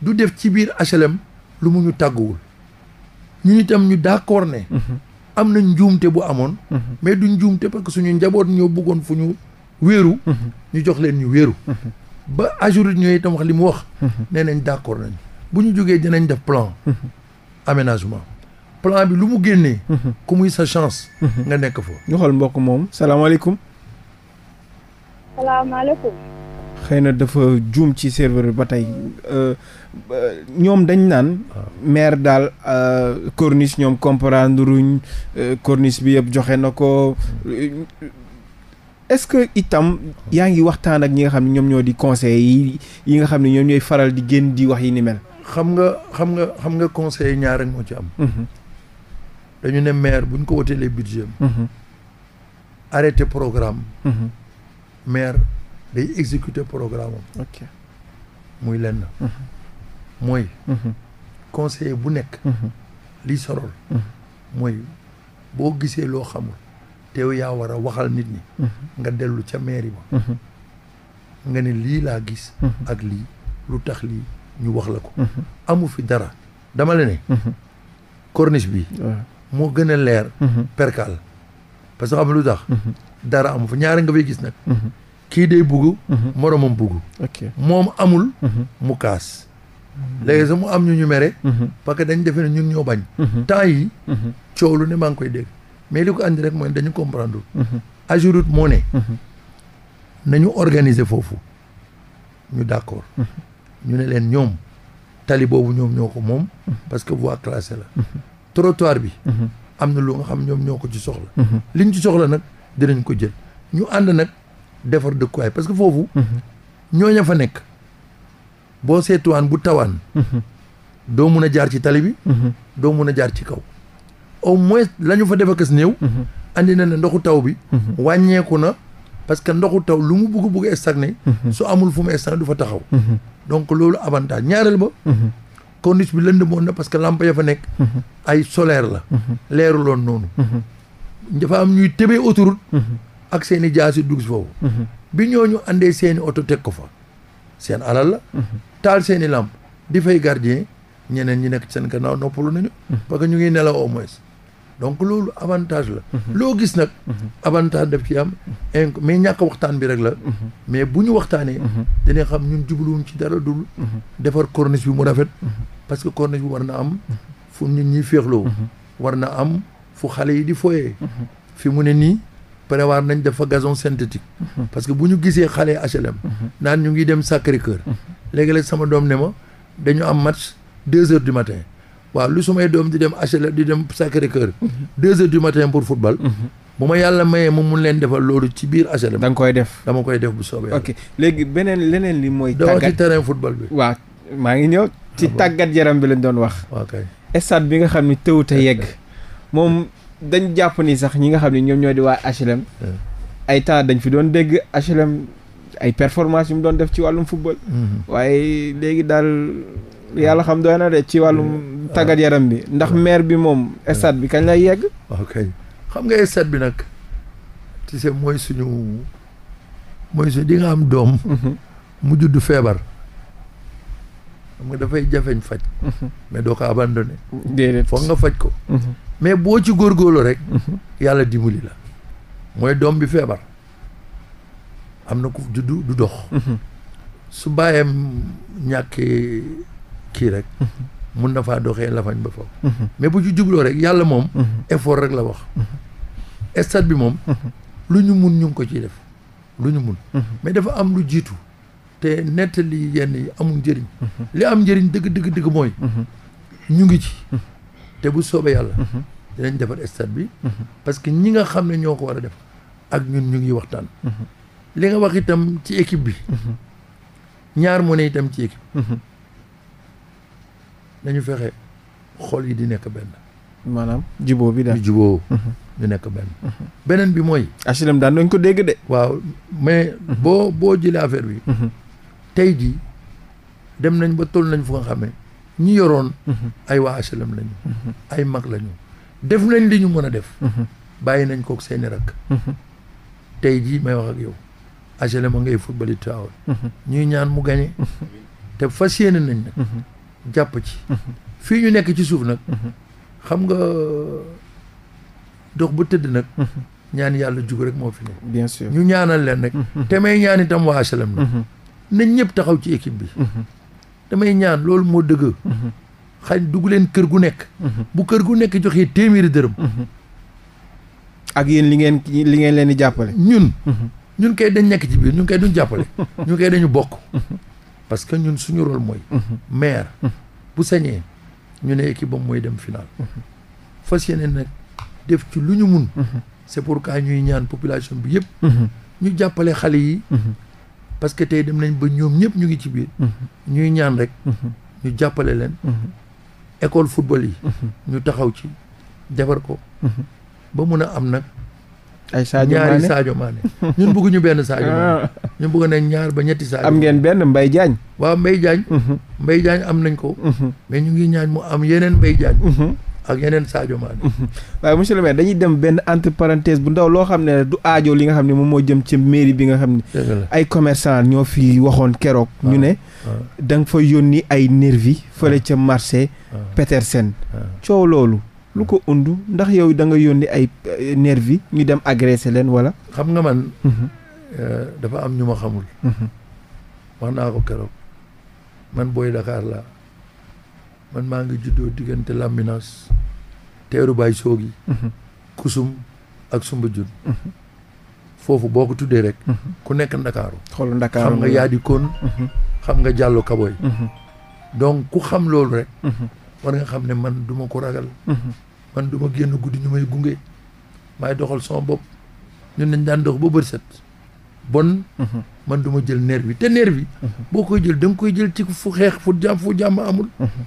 B: du def ci biir HLM lu mu ñu tàgguwul. ñun itam ñu d'accord ne. am na njuumte bu amoon. mais du njuumte parce que suñu njaboot ñoo bëggoon fu ñu weeru ñu jox leen ñu wéeru. ba Ageroute ñooy itam wax li mu wax. nee nañ d'accord nañ bu ñu jógee dinañ def plan. aménagement. plan bi lu mu génnee. Mhm. ku muy sa chance. Mhm. nga nekk fa. ñu xool mbokk moom salaamaaleykum. salaamaaleykum. xëy na dafa
A: juum ci serveur bi ba tey euh, euh, ñoom dañ naan. Ah. maire daal euh, corniche ñoom comprendre ruñ corniche bi yëpp joxe na ko. est-ce que itam yaa ngi waxtaan ak ñi nga xam ne ñoom ñoo di conseil
B: yi xam ñoom ñooy faral di génn di wax yi ni mel. xam nga xam nga xam nga conseil ñaar rek moo ci am. Mhm. dañu ne maire bu ñu ko woteelee budget mhm. arrêté programme mhm. maire day exécuter programme muy lenn mhm. mooy conseiller bu nekk li sorol mooy boo gisee loo xamul teew yaa war a waxal nit ñi nga dellu ca maire ba nga ne lii laa gis ak lii lu tax lii ñu wax la ko amu fi dara dama la ne corniche bi moo gën a leer. Mhm. percal parce que xam lu tax. Mhm. dara amu fa ñaari nga fay gis nag. Mhm. kii day bugg. moromam bugg. moom amul. mu kaas. léegi mu am ñu ñu mere. parce que dañ defe ne ñun ñoo bañ. temps yi ne maa ngi koy dégg mais li ko andi rek mooy dañu comprendre. ajurut moo ne. nañu organise foofu ñu d'accord. ñu ne leen ñoom tali boobu ñoom ñoo ko moom. parce que voie classée la. trottoir bi. Mhm. am na lu nga xam ñoom ñoo ko ci soxla. Mhm. liñ ci soxla nag dinañ ko jël ñu ànd nag defar dëkkuwaay parce que foofu. Mhm. ñooña fa nekk boo seetuwaan bu tawaan. doo mun a jaar ci tali bi. doo mun a jaar ci kaw. au moins la fa def akas néew. andi na ndoxu taw bi. wàññeeku na parce que ndoxu taw lu mu bugg bugg a stagné. su amul fu mu stagné du fa taxaw. donc loolu avantage ñaareel ba. corniche bi lëndëmoon na parce que lampe ya fa nekk. Mhm. ay solaire la. Mhm. leeruloon noonu. Mhm. dafa am ñuy tëbee autoroute. ak seen i jaasi dugg si foofu. bi ñooñu àndee seen i oto teg ko fa. seen alal la. taal seen i di fay gardien ñeneen ñi nekk seen gannaaw noppalu nañu. parce que ñu ngi nelaw au moins. donc loolu avantage la. Mhm. loo gis nag. Mhm. avantage daf ci am. Mhm. inc mais ñàkk waxtaan bi rek la. mais bu ñu waxtaanee. dinañ xam ñun jubluwuñ ci dara dul. defar corniche bi mu rafet. parce que corniche bi war na am. fu nit ñi féexloo. war na am fu xale yi di foyee. fi mu ne nii prévoir nañ dafa gazon synthétique. parce que bu ñu gisee xale HLM. naan ñu ngi dem Sacré-Cœur. léegi-léeg sama doom ne ma dañu am match deux heures du matin. waaw lu sumay doom di dem HLM di dem Sacré Cœur mhm. deux heures du matin pour football mhm. bu ma yàlla mayee mu mun leen defal loolu ci biir HLM da koy def dama koy def bu soobee léegi beneen leneen li mooy
A: tàggat ci terrain football bi maa ngi ñëw ci ah tàggat yaram bi lañ doon wax ah, ok stade bi nga xam ne tëwut a yegg eh, eh. moom dañ jàpp ni sax ñi nga xam ne ñoom ñoo di waa HLM eh. ay temps dañ fi doon dégg HLM ay performance yu mu doon def ci wàllum football mhm. léegi daal yàlla xam doy na de ci wàllu tàggat yaram bi ndax meer bi moom stade bi kañ lay yegg. ok xam nga stade bi nag.
B: tu sais mooy suñu mooy suñu di nga am doom. Mhm. mu judd feebar. xam nga dafay jafeñ faj. Mhm. mais doo ko abandonné. foog nga faj ko. Mhm. mais boo ci góor góorgóorlu rek. yàlla dimbali la. mooy doom bi feebar. am na ku juddu du dox. su bàyyam ñàkkee kii rek mhm. mun na faa doxee lafañ ba faw mhm. mais bu ci jubloo rek yàlla moom mhm. effort rek la wax stade bi moom lu ñu mun ñu ko ci def lu ñu mun mais dafa am lu jiitu te nettali yenn yi amul njëriñ li am njëriñ dëgg dëgg dëgg mooy ñu ngi ci te bu soobee yàlla dinañ defar stade bi parce que ñi nga xam ne ñoo ko war a def ak ñun ñu ngi waxtaan li nga wax itam ci équipe bi ñaar moo ne itam ci équipe nañu fexe xol yi di nekk benn. maanaam jubóo bi daal di jubóo. Mhm. di nekk benn. Mhm. beneen bi mooy. HLM daan nañ ko dégg de. waaw mais. Mhm. boo boo jëlee affaire bi. tey ji dem nañ ba toll nañ fu nga xamee ñi yoroon. ay waa HLM lañu. ay mag lañu. def nañ li ñu mën a def. bàyyi nañ kook seeni rakk. tey jii may wax ak yow. HLM a ngay football it ñuy ñaan mu gañe te fas nañ nag. jàpp ci fii ñu nekk ci suuf nag xam nga dox bu tëdd nag ñaan yàlla jug rek moo fi ne ñu ñaanal leen rek mhm. te may ñaan itam waa HLM la mhm. nañ ñëpp taxaw ci équipe bi mhm. damay ñaan loolu moo dëgg xañ dugg leen kër gu nekk bu kër gu nekk joxee téeméeri dërëm ak yéen li ngeen li ngeen leen di jàppale ñun ñun kay dañ nekk ci biir ñun kay duñ jàppale ñun kay dañu bokk parce que ñun suñu rôle mooy. Mhm. maire. Mhm. bu sañee ñu ne équipe bam mooy dem final. Mhm. fas yéene nag def ci lu ñu mun. c'est pourquoi ñuy ñaan population bi yëpp. ñu jàppale xale yi. parce que tey dem nañ ba ñoom ñëpp ñu ngi ci biir. ñuy ñaan rek. ñu jàppale leen. école football yi. ñu taxaw ci defar ko. ba mun a am nag. ay Sadio Mané ñaari Sadio Mané ñun bëgguñu benn Sadio Mané ah. ñun bëgg nañ ñaar ba ñetti Sadio am ngeen benn mbay Diagne waaw Mbaye Diagne mhm. Mbaye Diagne am nañ ko mhm. mais ñu ngi ñaañ mu am yeneen Mbaye Diagne mhm. ak yeneen Sadio Mané waaye monsieur le dañuy dem benn
A: entre parenthèse bu ndaw loo xam ne du aajo li nga xam ni moom moo jëm ci mairie bi nga xam ne ay commerçant ñoo fi waxoon keroog ah, ñu ne ah. da nga fa yónni ay nervi fële ca marché Petersen coow loolu lu ko und ndax yow da nga yónni ay nervi ñu dem agressé leen
B: wala. xam nga man. Mhm. Euh, dafa am ñu ma xamul. Mhm. wax naa ko keroog man booy dakaar laa man maa ngi juddoo diggante Lambinaas teeru baay soogi. Mhm. kusum ak sumba jun foofu boo ko tuddee rek. ku nekk ndakaaru xool ndakaaru xam nga yaadi kon. xam nga jàllo kaboy donc ku xam loolu rek. war nga xam ne man duma ko ragal. man du ma génn guddi ñu may gunge maay doxal sama bopp ñun nañ daan dox ba bët set bon mhm. man duma jël nerf bi te nerf bi mhm. boo koy jël da koy jël ci fu xeex fu jàmm fu jàmm amul mhm.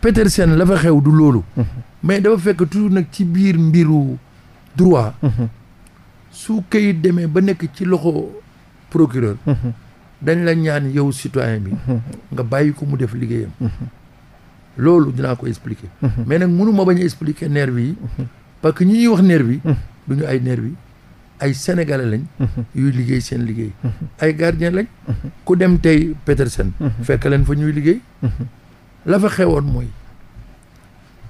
B: Petersen la fa xew du loolu mais dafa fekk toujours nag ci biir mbiru droit su kayit demee ba nekk ci loxo procureur dañ la ñaan yow citoyen bi nga bàyyi ko mu def liggéeyam loolu dinaa ko expliquer. Mhm. mais nag mënu ma bañ a expliquer nervi yi. Mhm. parce que ñi ñuy wax nervi yi. Mhm. du ñu ay nervi yi ay sénégalais lañ. yuy liggéey seen liggéey. ay gardien lañ. ku dem tey Petersen. fekk leen fa ñuy liggéey. la fa woon mooy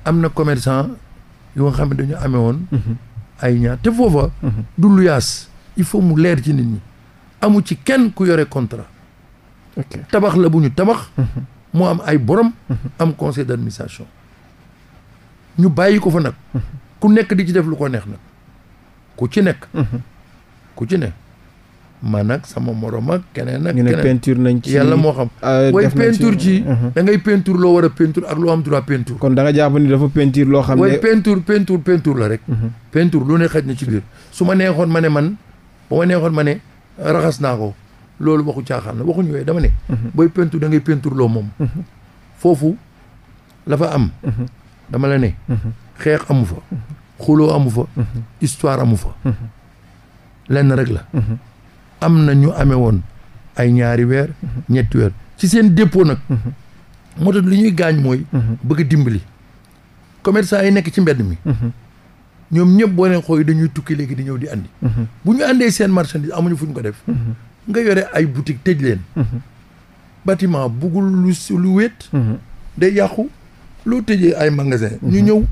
B: am na commerçant yu nga xam ne dañu amee woon. ay ñaar te foofa. du lu il faut mu leer ci nit ñi. amu ci kenn ku yore contrat. tabax la bu ñu tabax. moo am ay borom. am conseil d'administration. ñu bàyyi ko fa nag. ku nekk di ci def lu ko neex nag. ku ci nekk. ku ci ne man nag sama morom ak keneen ak. ñu ne peinture nañ ci yàlla moo xam. Ah, def nañ ci peinture ci. Mhm. loo war a peinture ak loo am droit peinture. kon da nga jàpp ni dafa peinture loo xam ne. way peinture peinture la rek. Mhm. peinture lu ne xaj na ci biir su ma neexoon ma ne man ba ma neexoon ma ne raxas naa ko. loolu waxu caaxaan ñu yooyu dama ne. Mhm. booy peinture da ngay peinture loo moom. Mhm. foofu la am. Mhm. dama la ne. xeex amu fa. xuloo amu fa. histoire amu fa. lenn rek la. am na ñu amee woon ay ñaari weer. ñetti weer ci seen dépôt nag. moo tax li ñuy gaañ mooy. bëgg a dimbali. commerçant yi nekk ci mbedd mi. ñoom ñëpp boo leen xooy dañuy tukki léegi di ñëw di andi. bu ñu andee seen marchandise amuñu fu ñu ko def. nga yore ay boutique tëj leen mhm. bâtiment buggul lu lu wéet mhm. day yàqu loo tëj ay magasin mhm. ñu ñëw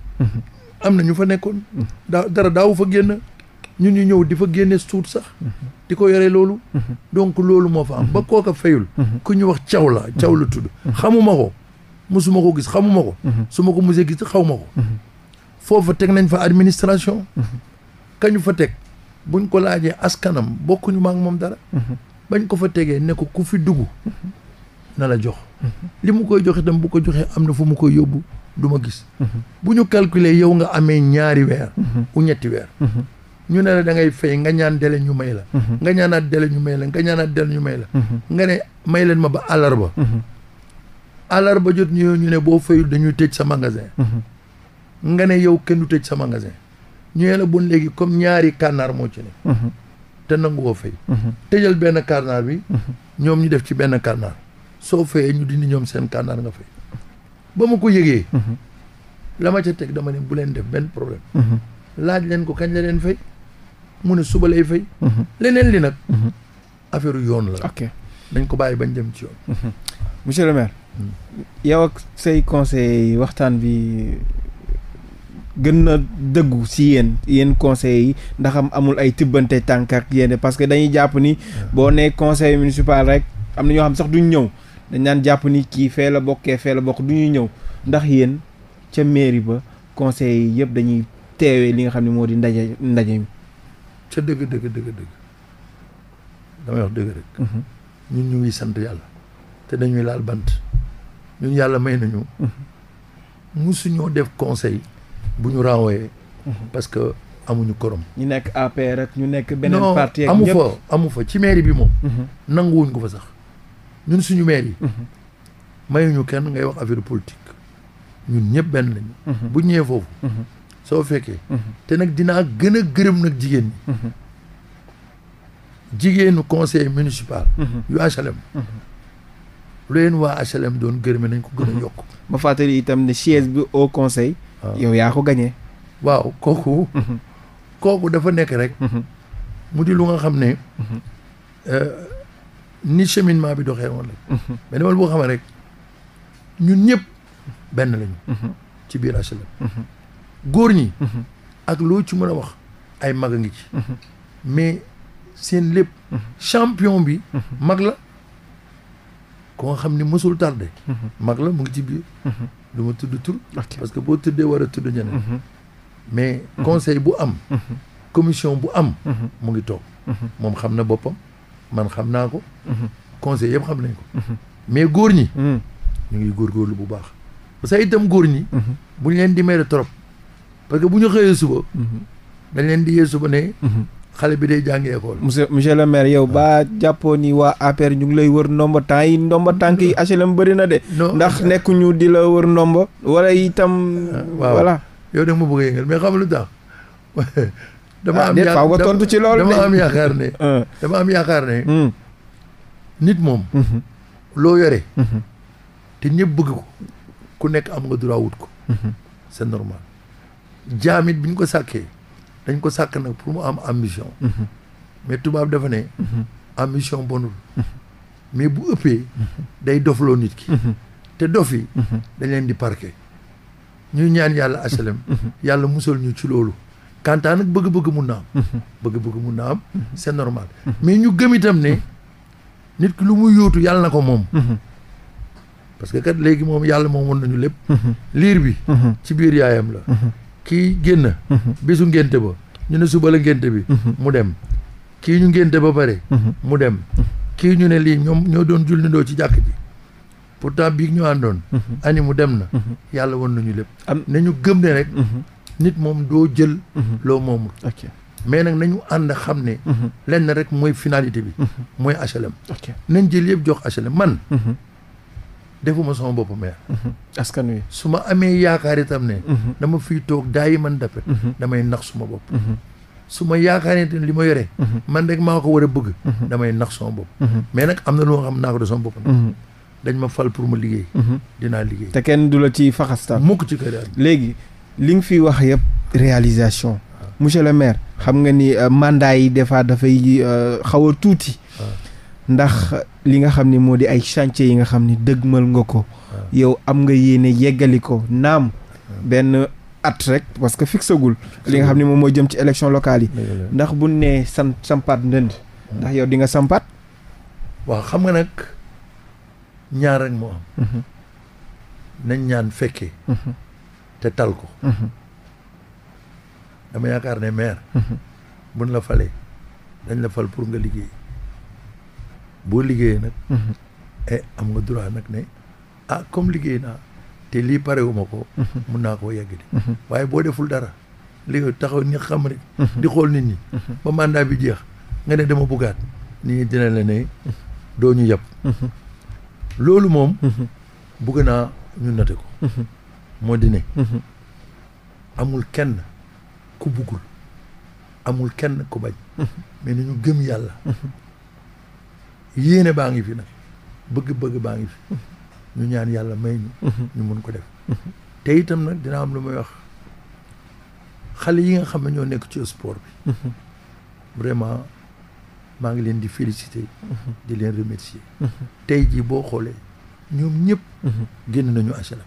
B: am na ñu fa nekkoon daa dara daawu fa génn ñun ñu ñëw di fa génne suut sax di ko yore loolu donc loolu moo fa am ba kooka fayul ku ñu wax caw la caw la tudd xamuma ko musuma ko gis xamuma ko su ma ko musee gis xaw ma ko foofa teg nañ fa ka ñu fa teg buñ ko laajee askanam bokkuñu ma ak moom dara bañ ko fa tegee ne ko ku fi dugg na la jox li mu koy joxe itam bu ko joxee am na fu mu koy yóbbu du ma gis bu ñu calculer yow nga amee ñaari weer u ñetti weer ñu ne la da ngay fay nga ñaan dele ñu may la nga ñaanaat dele ñu may la nga ñaanaat dele ñu may la nga ne may leen ma ba àllarba àllarba jot ñu ñu ne boo fayul dañuy tëj sa magasin nga ne yow kenn du tëj sa magasin ñu ne la bon léegi comme ñaari kànnaar moo ci ne te nangu woo fay. Mhm. tëjal benn carnar bi. Mhm. ñoom ñu def ci benn carnar. soo fayee ñu dindi ñoom seen carnar nga fay. ba ma ko yëgee. Mhm. la ma ca teg dama ne bu leen def benn problème. laaj leen ko kañ la leen fay. mu ne suba lay fay. leneen li nag. affaire yoon la. ok dañ ko bàyyi bañ dem ci
A: yoon. monsieur le maire. Hmm. yow ak say conseil waxtaan bi. gën na dëggu si yéen yéen conseil yi ndax amul ay tibbante tànk ak yéen parce que dañuy jàpp ni boo nee conseil municipal rek am na ñoo xam sax duñ ñëw dañ naan jàpp ni kii fee la bokkee fee la bokk du ñuy ñëw ndax yéen ca mairie ba conseil yi yëpp dañuy teewee li nga xam ne moo di ndaje ndaje
B: ca dëgg dëgg dëgg dëgg damay wax dëgg rek. Mhm. ñun ñu ngi sant yàlla te dañuy laal bant ñun yàlla may nañu. Mhm. musuñoo def conseil. bu ñu renvoyé. Mhm. parce que amuñu korom.
A: ñu nekk APR rek ñu nekk. beneen parti ak ñëpp amu fa ci mairie bi moom.
B: Mhm. nanguwuñ ko fa sax ñun suñu maire mhm. mayuñu kenn ngay wax affaire politique ñun ñëpp benn lañu. bu ñëwee foofu. soo fekkee. te nag dinaa gën a gërëm nag jigéen ñi. jigéenu conseil municipal. yu HLM. lu leen waa HLM doon gërëme nañ ko gën a yokk. ma fàttali itam
A: ne siège bi au conseil.
B: yow yaa ko gañee waaw kooku mhm. kooku dafa nekk rek mhm. mu di lu nga xam ne mhm. euh, ni cheminement bi doxee woon la mais demal boo xamee rek ñun ñëpp benn lañu ci biir HLM góor ñi ak loo ci mën a wax ay mag a ngi ci mais seen lépp champion bi mag la ko nga xam ni mësul tardé mag la mu ngi ci biir du ma tudd tur parce que boo tuddee war a tudd ñeneen mhm. mais mhm. conseil bu am mhm. commission bu am mu ngi toog moom xam na boppam man xam naa ko conseil yëpp xam nañ ko mais góor ñi ñu ngi góorgóorlu bu baax parce que itam góor ñi bu ñu di mere trop parce que bu ñu xëyee suba dañ leen di yee suba ne xale bi day jàngi école.
A: le maire yow ba jàppoo ni waa APR ñu ngi lay wër ndomba temps i ndomba tànk yi HLM bëri na de. ndax nekk ñu di la wër ndomba. wala itam. Ah, voilà
B: yow de ma bëgg a yëngal mais xam lu tax.
A: dama ah, am yaakaar ci loolu
B: ah. dama am yaakaar ne. dama hmm. nit moom. Mhm. loo yore. Mhm. te ñëpp bëgg ko. ku nekk am nga droit wut ko. Mhm. c'est jaamit bi ñu ko sàkkee. dañ ko sàkk nag pour mu am ambition. Mhm. mais tubaab dafa ne. Mhm. ambition bonul. Mhm. mais bu ëppee. day dofloo nit ki. te dof yi. dañ leen di parke ñuy ñaan yàlla HLM. yàlla musal ñu ci loolu. kantaan bëgg-bëgg mun na am. bëgg-bëgg mun na am. c'est normal mais ñu gëm itam ne. nit ki lu muy yóotu yàlla na ko moom. parce que kat léegi moom yàlla moom won nañu lépp. liir bi. ci biir yaayam la. kii génn mhm. bisu ngénte ba ñu ne suba la ngénte bi mhm. mu dem kii ñu ngénte ba pare mhm. mu dem kii ñu ne lii ñoom ñoo doon julnindoo ci jàkk ji pourtant bii ñu àndoon ani mu dem na yàlla won nañu lépp na ñu gëm ne rek nit moom doo jël loo moomul mais nag nañu ànd xam ne lenn rek mooy finalité bi mooy HLM nañ jël yëpp jox HLM man defuma sama bopp maire mm-hmm. askan wi su ma amee yaakaar itam ne mm-hmm. dama fiy toog daayi man dappet mm-hmm. damay nax suma bopp su ma yaakaaree ne li ma yore man rek maa ko war a bëgg damay nax sama bopp mais nag am na lu nga xam naa ko de sama bopp nag dañ ma fal pour ma liggéey dinaa liggéey
A: te kenn du la ci
B: faxastaan mukk ci kër léegi
A: li nga fi wax yëpp réalisation ah. monsieur le maire xam nga ni euh, mandat yi des fois dafay euh, xaw a tuuti ah. ndax li nga xam ni moo di ay chantier yi nga xam ni dëgmal nga ko yow am nga yéene yeggali ko naam benn at rek parce que fixagul li nga xam ne moom moo jëm ci élection locale yi ndax bu nee san sampaat ndënd ndax yow di nga sampat waaw xam nga nag
B: ñaar rek moo am mhm. nañ ñaan fekkee mhm. te tal ko mhm. dama yaakaar ne maire buñ la falee dañ la fal pour nga liggéey boo liggéeyee nag e am nga droit nag ne ah comme liggéey naa te lii parewuma ko mhm. mun naa koo yegg di mhm. waaye boo deful dara li taxaw ni xam ne di xool nit ñi ba mandat bi jeex nga ne dama buggaat nit ñi dina la ne doo ñu yàpp loolu moom bugg ñu noté ko moo di ne amul kenn ku buggul amul kenn ku bañ mais ni ñu gëm yàlla yéene baa ngi fi nag bëgg-bëgg baa ngi fi ñu ñaan yàlla may ñu mhm. ñu mun ko def mhm. te itam nag dina am lu may wax xale yi nga xam ne ñoo nekk ci sport bi mhm. vraiment maa ngi leen di féliciter di leen remercier tey jii boo xoolee ñoom ñëpp génn nañu HLM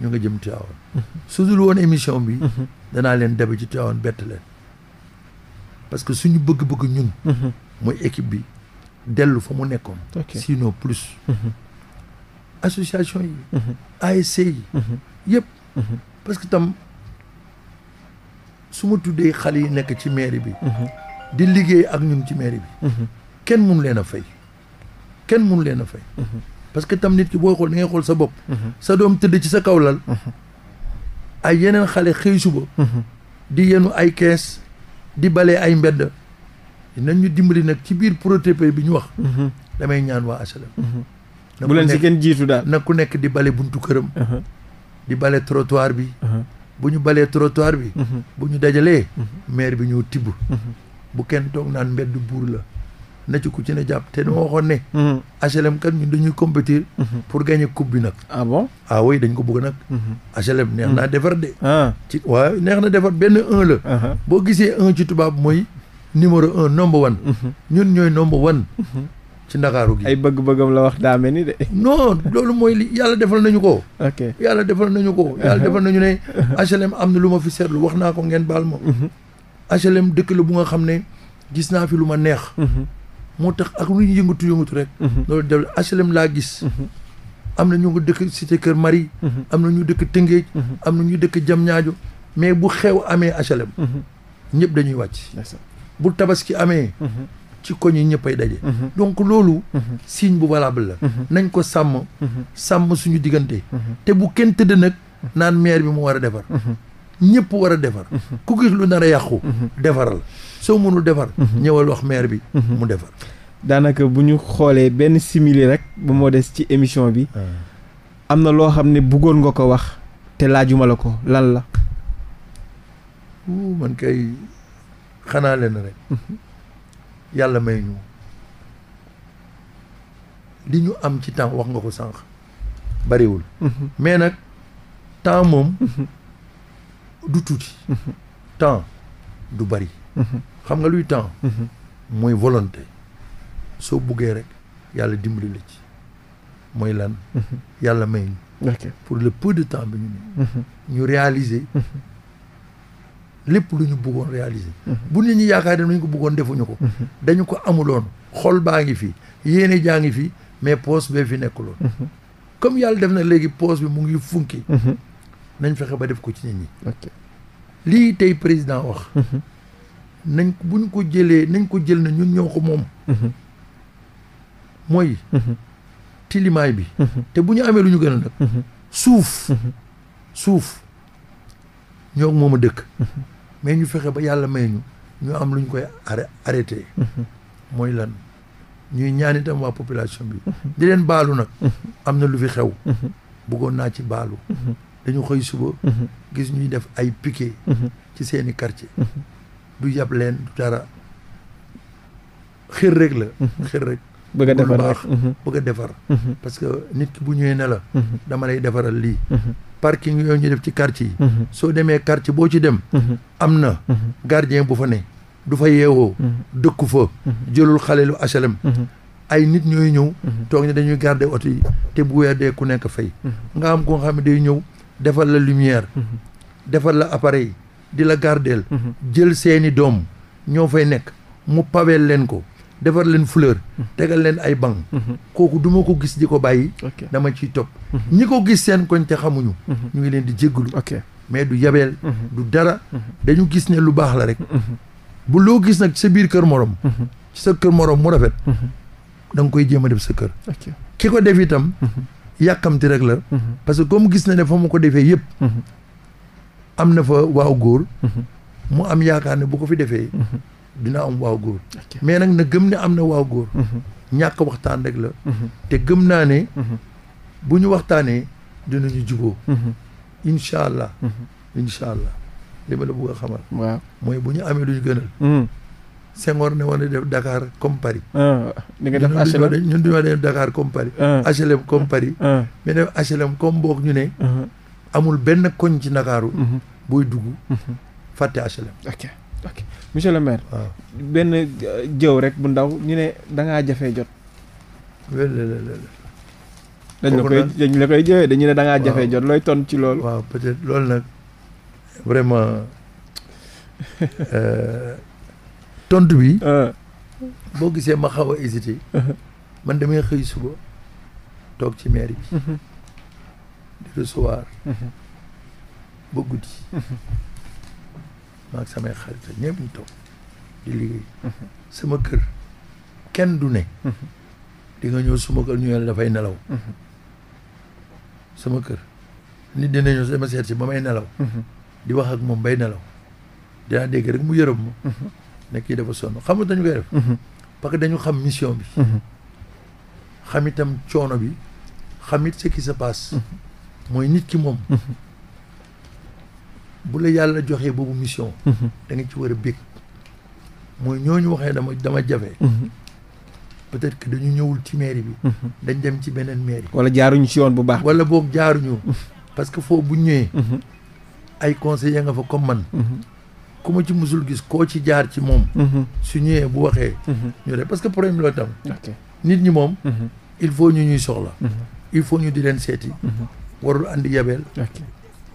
B: ñu nga jëm Tivaouane su dul woon émission bi danaa leen dabe ci Tivaouane bett leen parce que suñu bëgg-bëgg ñun mooy équipe bi dellu fa mu nekkoon. sinon plus. Mhm. association yi. Mhm. ASC yi. Mhm. yëpp. parce que tam su ma tuddee xale yi nekk ci mairie bi. di liggéey ak ñun ci mairie bi. kenn mënu leen a fay. kenn mënu leen a fay. parce que tam nit ki booy xool da ngay xool sa bopp. sa doom tëdd ci sa kaw lal. ay yeneen xale xëy suba. di yenu ay kees di bale ay mbedd. nañ ñu dimbali nag ci biir prototype bi ñu wax. Mhm. damay ñaan waa HLM. Mhm. bu leen si kenn jiitu daal na ku nekk di bale buntu këram. Mhm. di bale trottoir bi. bu ñu balee trottoir bi. bu ñu dajalee. maire bi ñëw tibb. bu kenn toog naan mbedd buur la. na ci ku ci ne jàpp te nu waxoon ne. HLM kat ñun dañuy compétir. pour gagner coupe bi nag. ah bon ah dañ ko bëgg nag. HLM neex naa defar de. Ah. ci waaw neex na defar benn un la. Uh-huh. boo gisee un ci tubaab mooy. numéro un number one. Mhm. ñun ñooy number one. Mhm. ci ndakaaru gi ay bëgg-bëggam la wax daa mel ni de. non loolu mooy li yàlla defal nañu ko. yàlla defal nañu ko. Uh-huh. yàlla defal nañu ne HLM am na lu ma fi seetlu wax naa ko ngeen baal ma. HLM dëkk la bu nga xam ne gis naa fi lu ma neex. Mhm. moo tax ak lu ñu yëngatu yëngatu rek. loolu def HLM laa gis. am na ñu ngi dëkk cité Kër Marie. am na ñu dëkk Tëngéej. am na ñu dëkk jam Jamñaajo mais bu xew amee HLM. ñëpp dañuy wàcc. bu tabaski amee mhm. ci koñ yi ñëppay daje mhm. donc loolu mhm. signe bu valable la nañ ko sàmm sàmm suñu diggante te bu kenn tëdd nag naan maire bi mu war a defar ñëpp war a defar ku gis lu nar a yàqu defaral soo mënul defar ñëwal wax maire bi mu defar daanaka bu ñu xoolee benn simili rek ba moo des
A: ci émission bi ah. am na loo xam ne bëggoon nga ko wax te laajuma la ko lan la
B: xanaa leen rek yàlla may ñu li ñu am ci temps wax nga ko sànq bariwul mais nag temps moom du tuuti temps du bari xam nga luy temps mooy volonté soo buggee rek yàlla dimbali la ci mooy lan yàlla may ñu pour le peu de temps bi ñu ne ñu réaliser lépp lu ñu buggoon réaliser. Mhm. bu ñu ñi yaakaar ne lu ñu ko buggoon defuñu ko. Mhm. dañu ko amuloon xol baa ngi fi yéene jaa fi mais poos bee fi nekkuloon. Mhm. comme yàlla def na léegi poos bi mu ngi funki. nañ fexe ba def ko ci nit ñi. lii tey président wax. nañ buñ ko jëlee nañ ko jël na ñun ñoo ko moom. mooy. tilimaay bi. te bu ñu amee lu ñu gën a nag. suuf. ñoo ak moom a dëkk. Mhm. mais ñu fexe ba yàlla may ñu ñu am lu ñu koy arrêté. Mhm. mooy lan ñuy ñaan itam waa population bi. Mhm. di leen baalu nag. am na lu fi xew. bëggoon naa ci baalu. dañu xëy suba. gis ñuy def ay piquet. ci seeni quartier. du yab leen du dara xir rek la. xir rek. bëgg defar parce que nit ki bu ñëwee ne dama lay defaral lii. parking yooyu ñu def ci quartier yi mhm. soo demee quartier boo ci dem mhm. am na mhm. gardien bu fa ne du fa yeewoo dëkku fa jëlul xale lu ay nit ñooy ñëw toog ne dañuy garder oto yi te bu weer ku nekk fay nga am ko nga xam ne day ñëw defal la lumière defal la appareil di la gardeel jël seeni doom ñoo fay nekk mu paweel leen ko defar leen fleur tegal leen ay banc mhm. kooku duma ko gis di ko bàyyi dama ciy topp mhm. ñi ko gis seen ko te xamuñu mhm. ñu ngi leen di jéggalu mais du yabeel du dara dañu gis ne lu baax la rek bu loo gis nag sa biir kër morom ci sa kër morom mu rafet da koy jéem a def sa kër ki ko def itam yàkkamti rek la parce que comme gis na ne fa mu ko defee yëpp am na fa waaw góor mu am yaakaar ne bu ko fi defee dina am waaw góor mais nag na gëm ne am na waaw góor mhm. ñàkk waxtaan rek la mhm. te gëm naa ne mhm. bu ñu waxtaanee dinañu juboo incha allah incha allah li la bëgg a xamal mooy bu ñu amee lu ñu gënal Senghor ne woon na def Dakar comme Paris di ah, nga def HLM ñun duñu a Dakar comme Paris ah. HLM comme Paris ah. mais def HLM boog ñu ne amul benn koñ ci Ndakaaru booy dugg fàtte HLM ok monsieur le maire. waaw ah. benn
A: euh, jëw rek bu ndaw ñu ne dangaa jafe jot. dañ la koy dañ la koy ne da ngaa jafee jot looy ton ci loolu. waaw peut-être loolu nag
B: vraiment euh, tontu bi. Ah. boo gisee ma xaw a hésité. Ah. man damay xëy suba toog ci maire bi. Mhm. di recevoir. Mhm. ba guddi. Mhm. maag samay xarit ak ñëpp ñu toog di liggéey sama kër kenn du ne di nga ñëw suma kër ñu la dafay nelaw sama kër nit dina ñëw sama seet si ba may nelaw di wax ak moom bay nelaw dinaa dégg rek mu yërëm ma ne kii dafa sonn xam nga dañu koy def parce que dañu xam mission bi xam itam coono bi xam it ce qui se mooy nit ki moom bu la yàlla joxee boobu mission. Mm-hmm. da nga ci war a bég. mooy ñooñu waxee dama dama jafe. Mm-hmm. peut-être dañu ñëwul ci mairie bi. Mm-hmm. dañ dem ci beneen mairie. wala jaaruñu ci yoon bu baax. wala boog jaaruñu. parce que foofu bu ñëwee. ay conseillers nga fa comme man. ku ma ci musul gis koo ci jaar ci moom. su ñëwee bu waxee. ñu ne parce que problème loolu tam. nit ñi moom. il faut ñu ñuy soxla. il faut ñu di seeti. warul andi yabeel.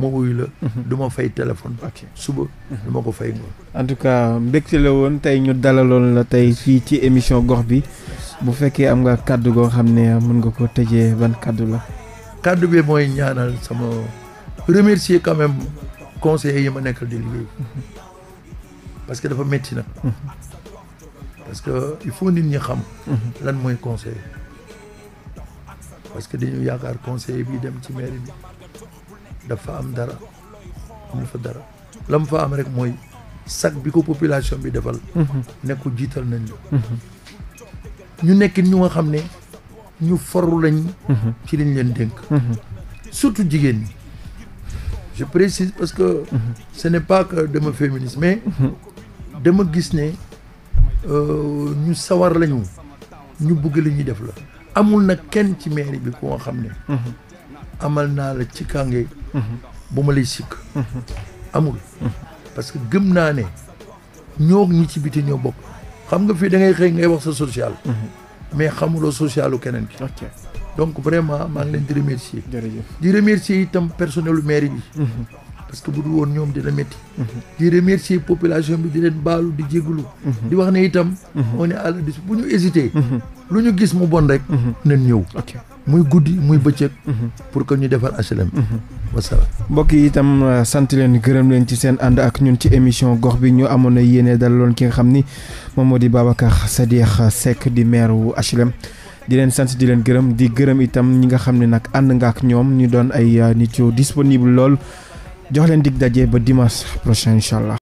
B: ma wuyu la. Mhm. du ma fay téléphone. suba mhm. du ma ko fay ngoon.
A: en tout cas mbégte la woon tey ñu dalaloon la tey fii ci émission gox bi bu fekkee am nga kàddu goo xam ne mën nga ko tëjee ban kàddu la.
B: kàddu bi mooy ñaanal sama remercier quand même yi ma nekkal di liggéey mhm. parce que dafa métti nag. parce que il faut nit ñi xam. lan mooy conseil parce que dañu yaakaar conseil bii dem ci mairie bi. dafa am dara amul fa dara la mu fa am rek mooy sac bi ko population bi defal mhm. ne ko jiital nañ mhm. ñu nekkin ñu nga xam ne ñu faru lañ mhm. ci liñ leen dénk surtout jigéen ñi je précise parce que ce n'est pas que dama féministe mais dama gis ne euh, ñu sawar lañu ñu bëgg li ñuy def la amul na kenn ci mairie bi ku nga xam ne amal naa la ci kànge bu ma lay sikk amul parce que gëm naa ne ñoo ñi ci biti ñoo bokk xam nga fii da ngay xëy ngay wax sa social mais xamuloo socialu keneen ki donc vraiment maa ngi leen di remercier di remercier itam personnelu mairie bi mhm. parce que bu dul woon ñoom dina métti mhm. di remercier population bi di leen baalu di jégalu mhm. di wax ne itam on est à la dis bu ñu hésité lu ñu gis mu bon rek nañ ñëw muy guddi muy mhm. bëccëg. Mhm. pour que ñu defar HLM. Mhm. wasalaam.
A: mbokk yi itam euh, sant leen gërëm leen ci seen ànd ak ñun ci émission gox bi ñu amoon na yéene dalaloon ki nga xam ni moom moo di Babacar Sadikh Seck di maire wu HLM. di leen sant di leen gërëm di gërëm itam ñi nga xam ne nag ànd nga ak ñoom ñu doon ay euh, nit yu disponible lool jox leen dig daje ba dimanche prochain incha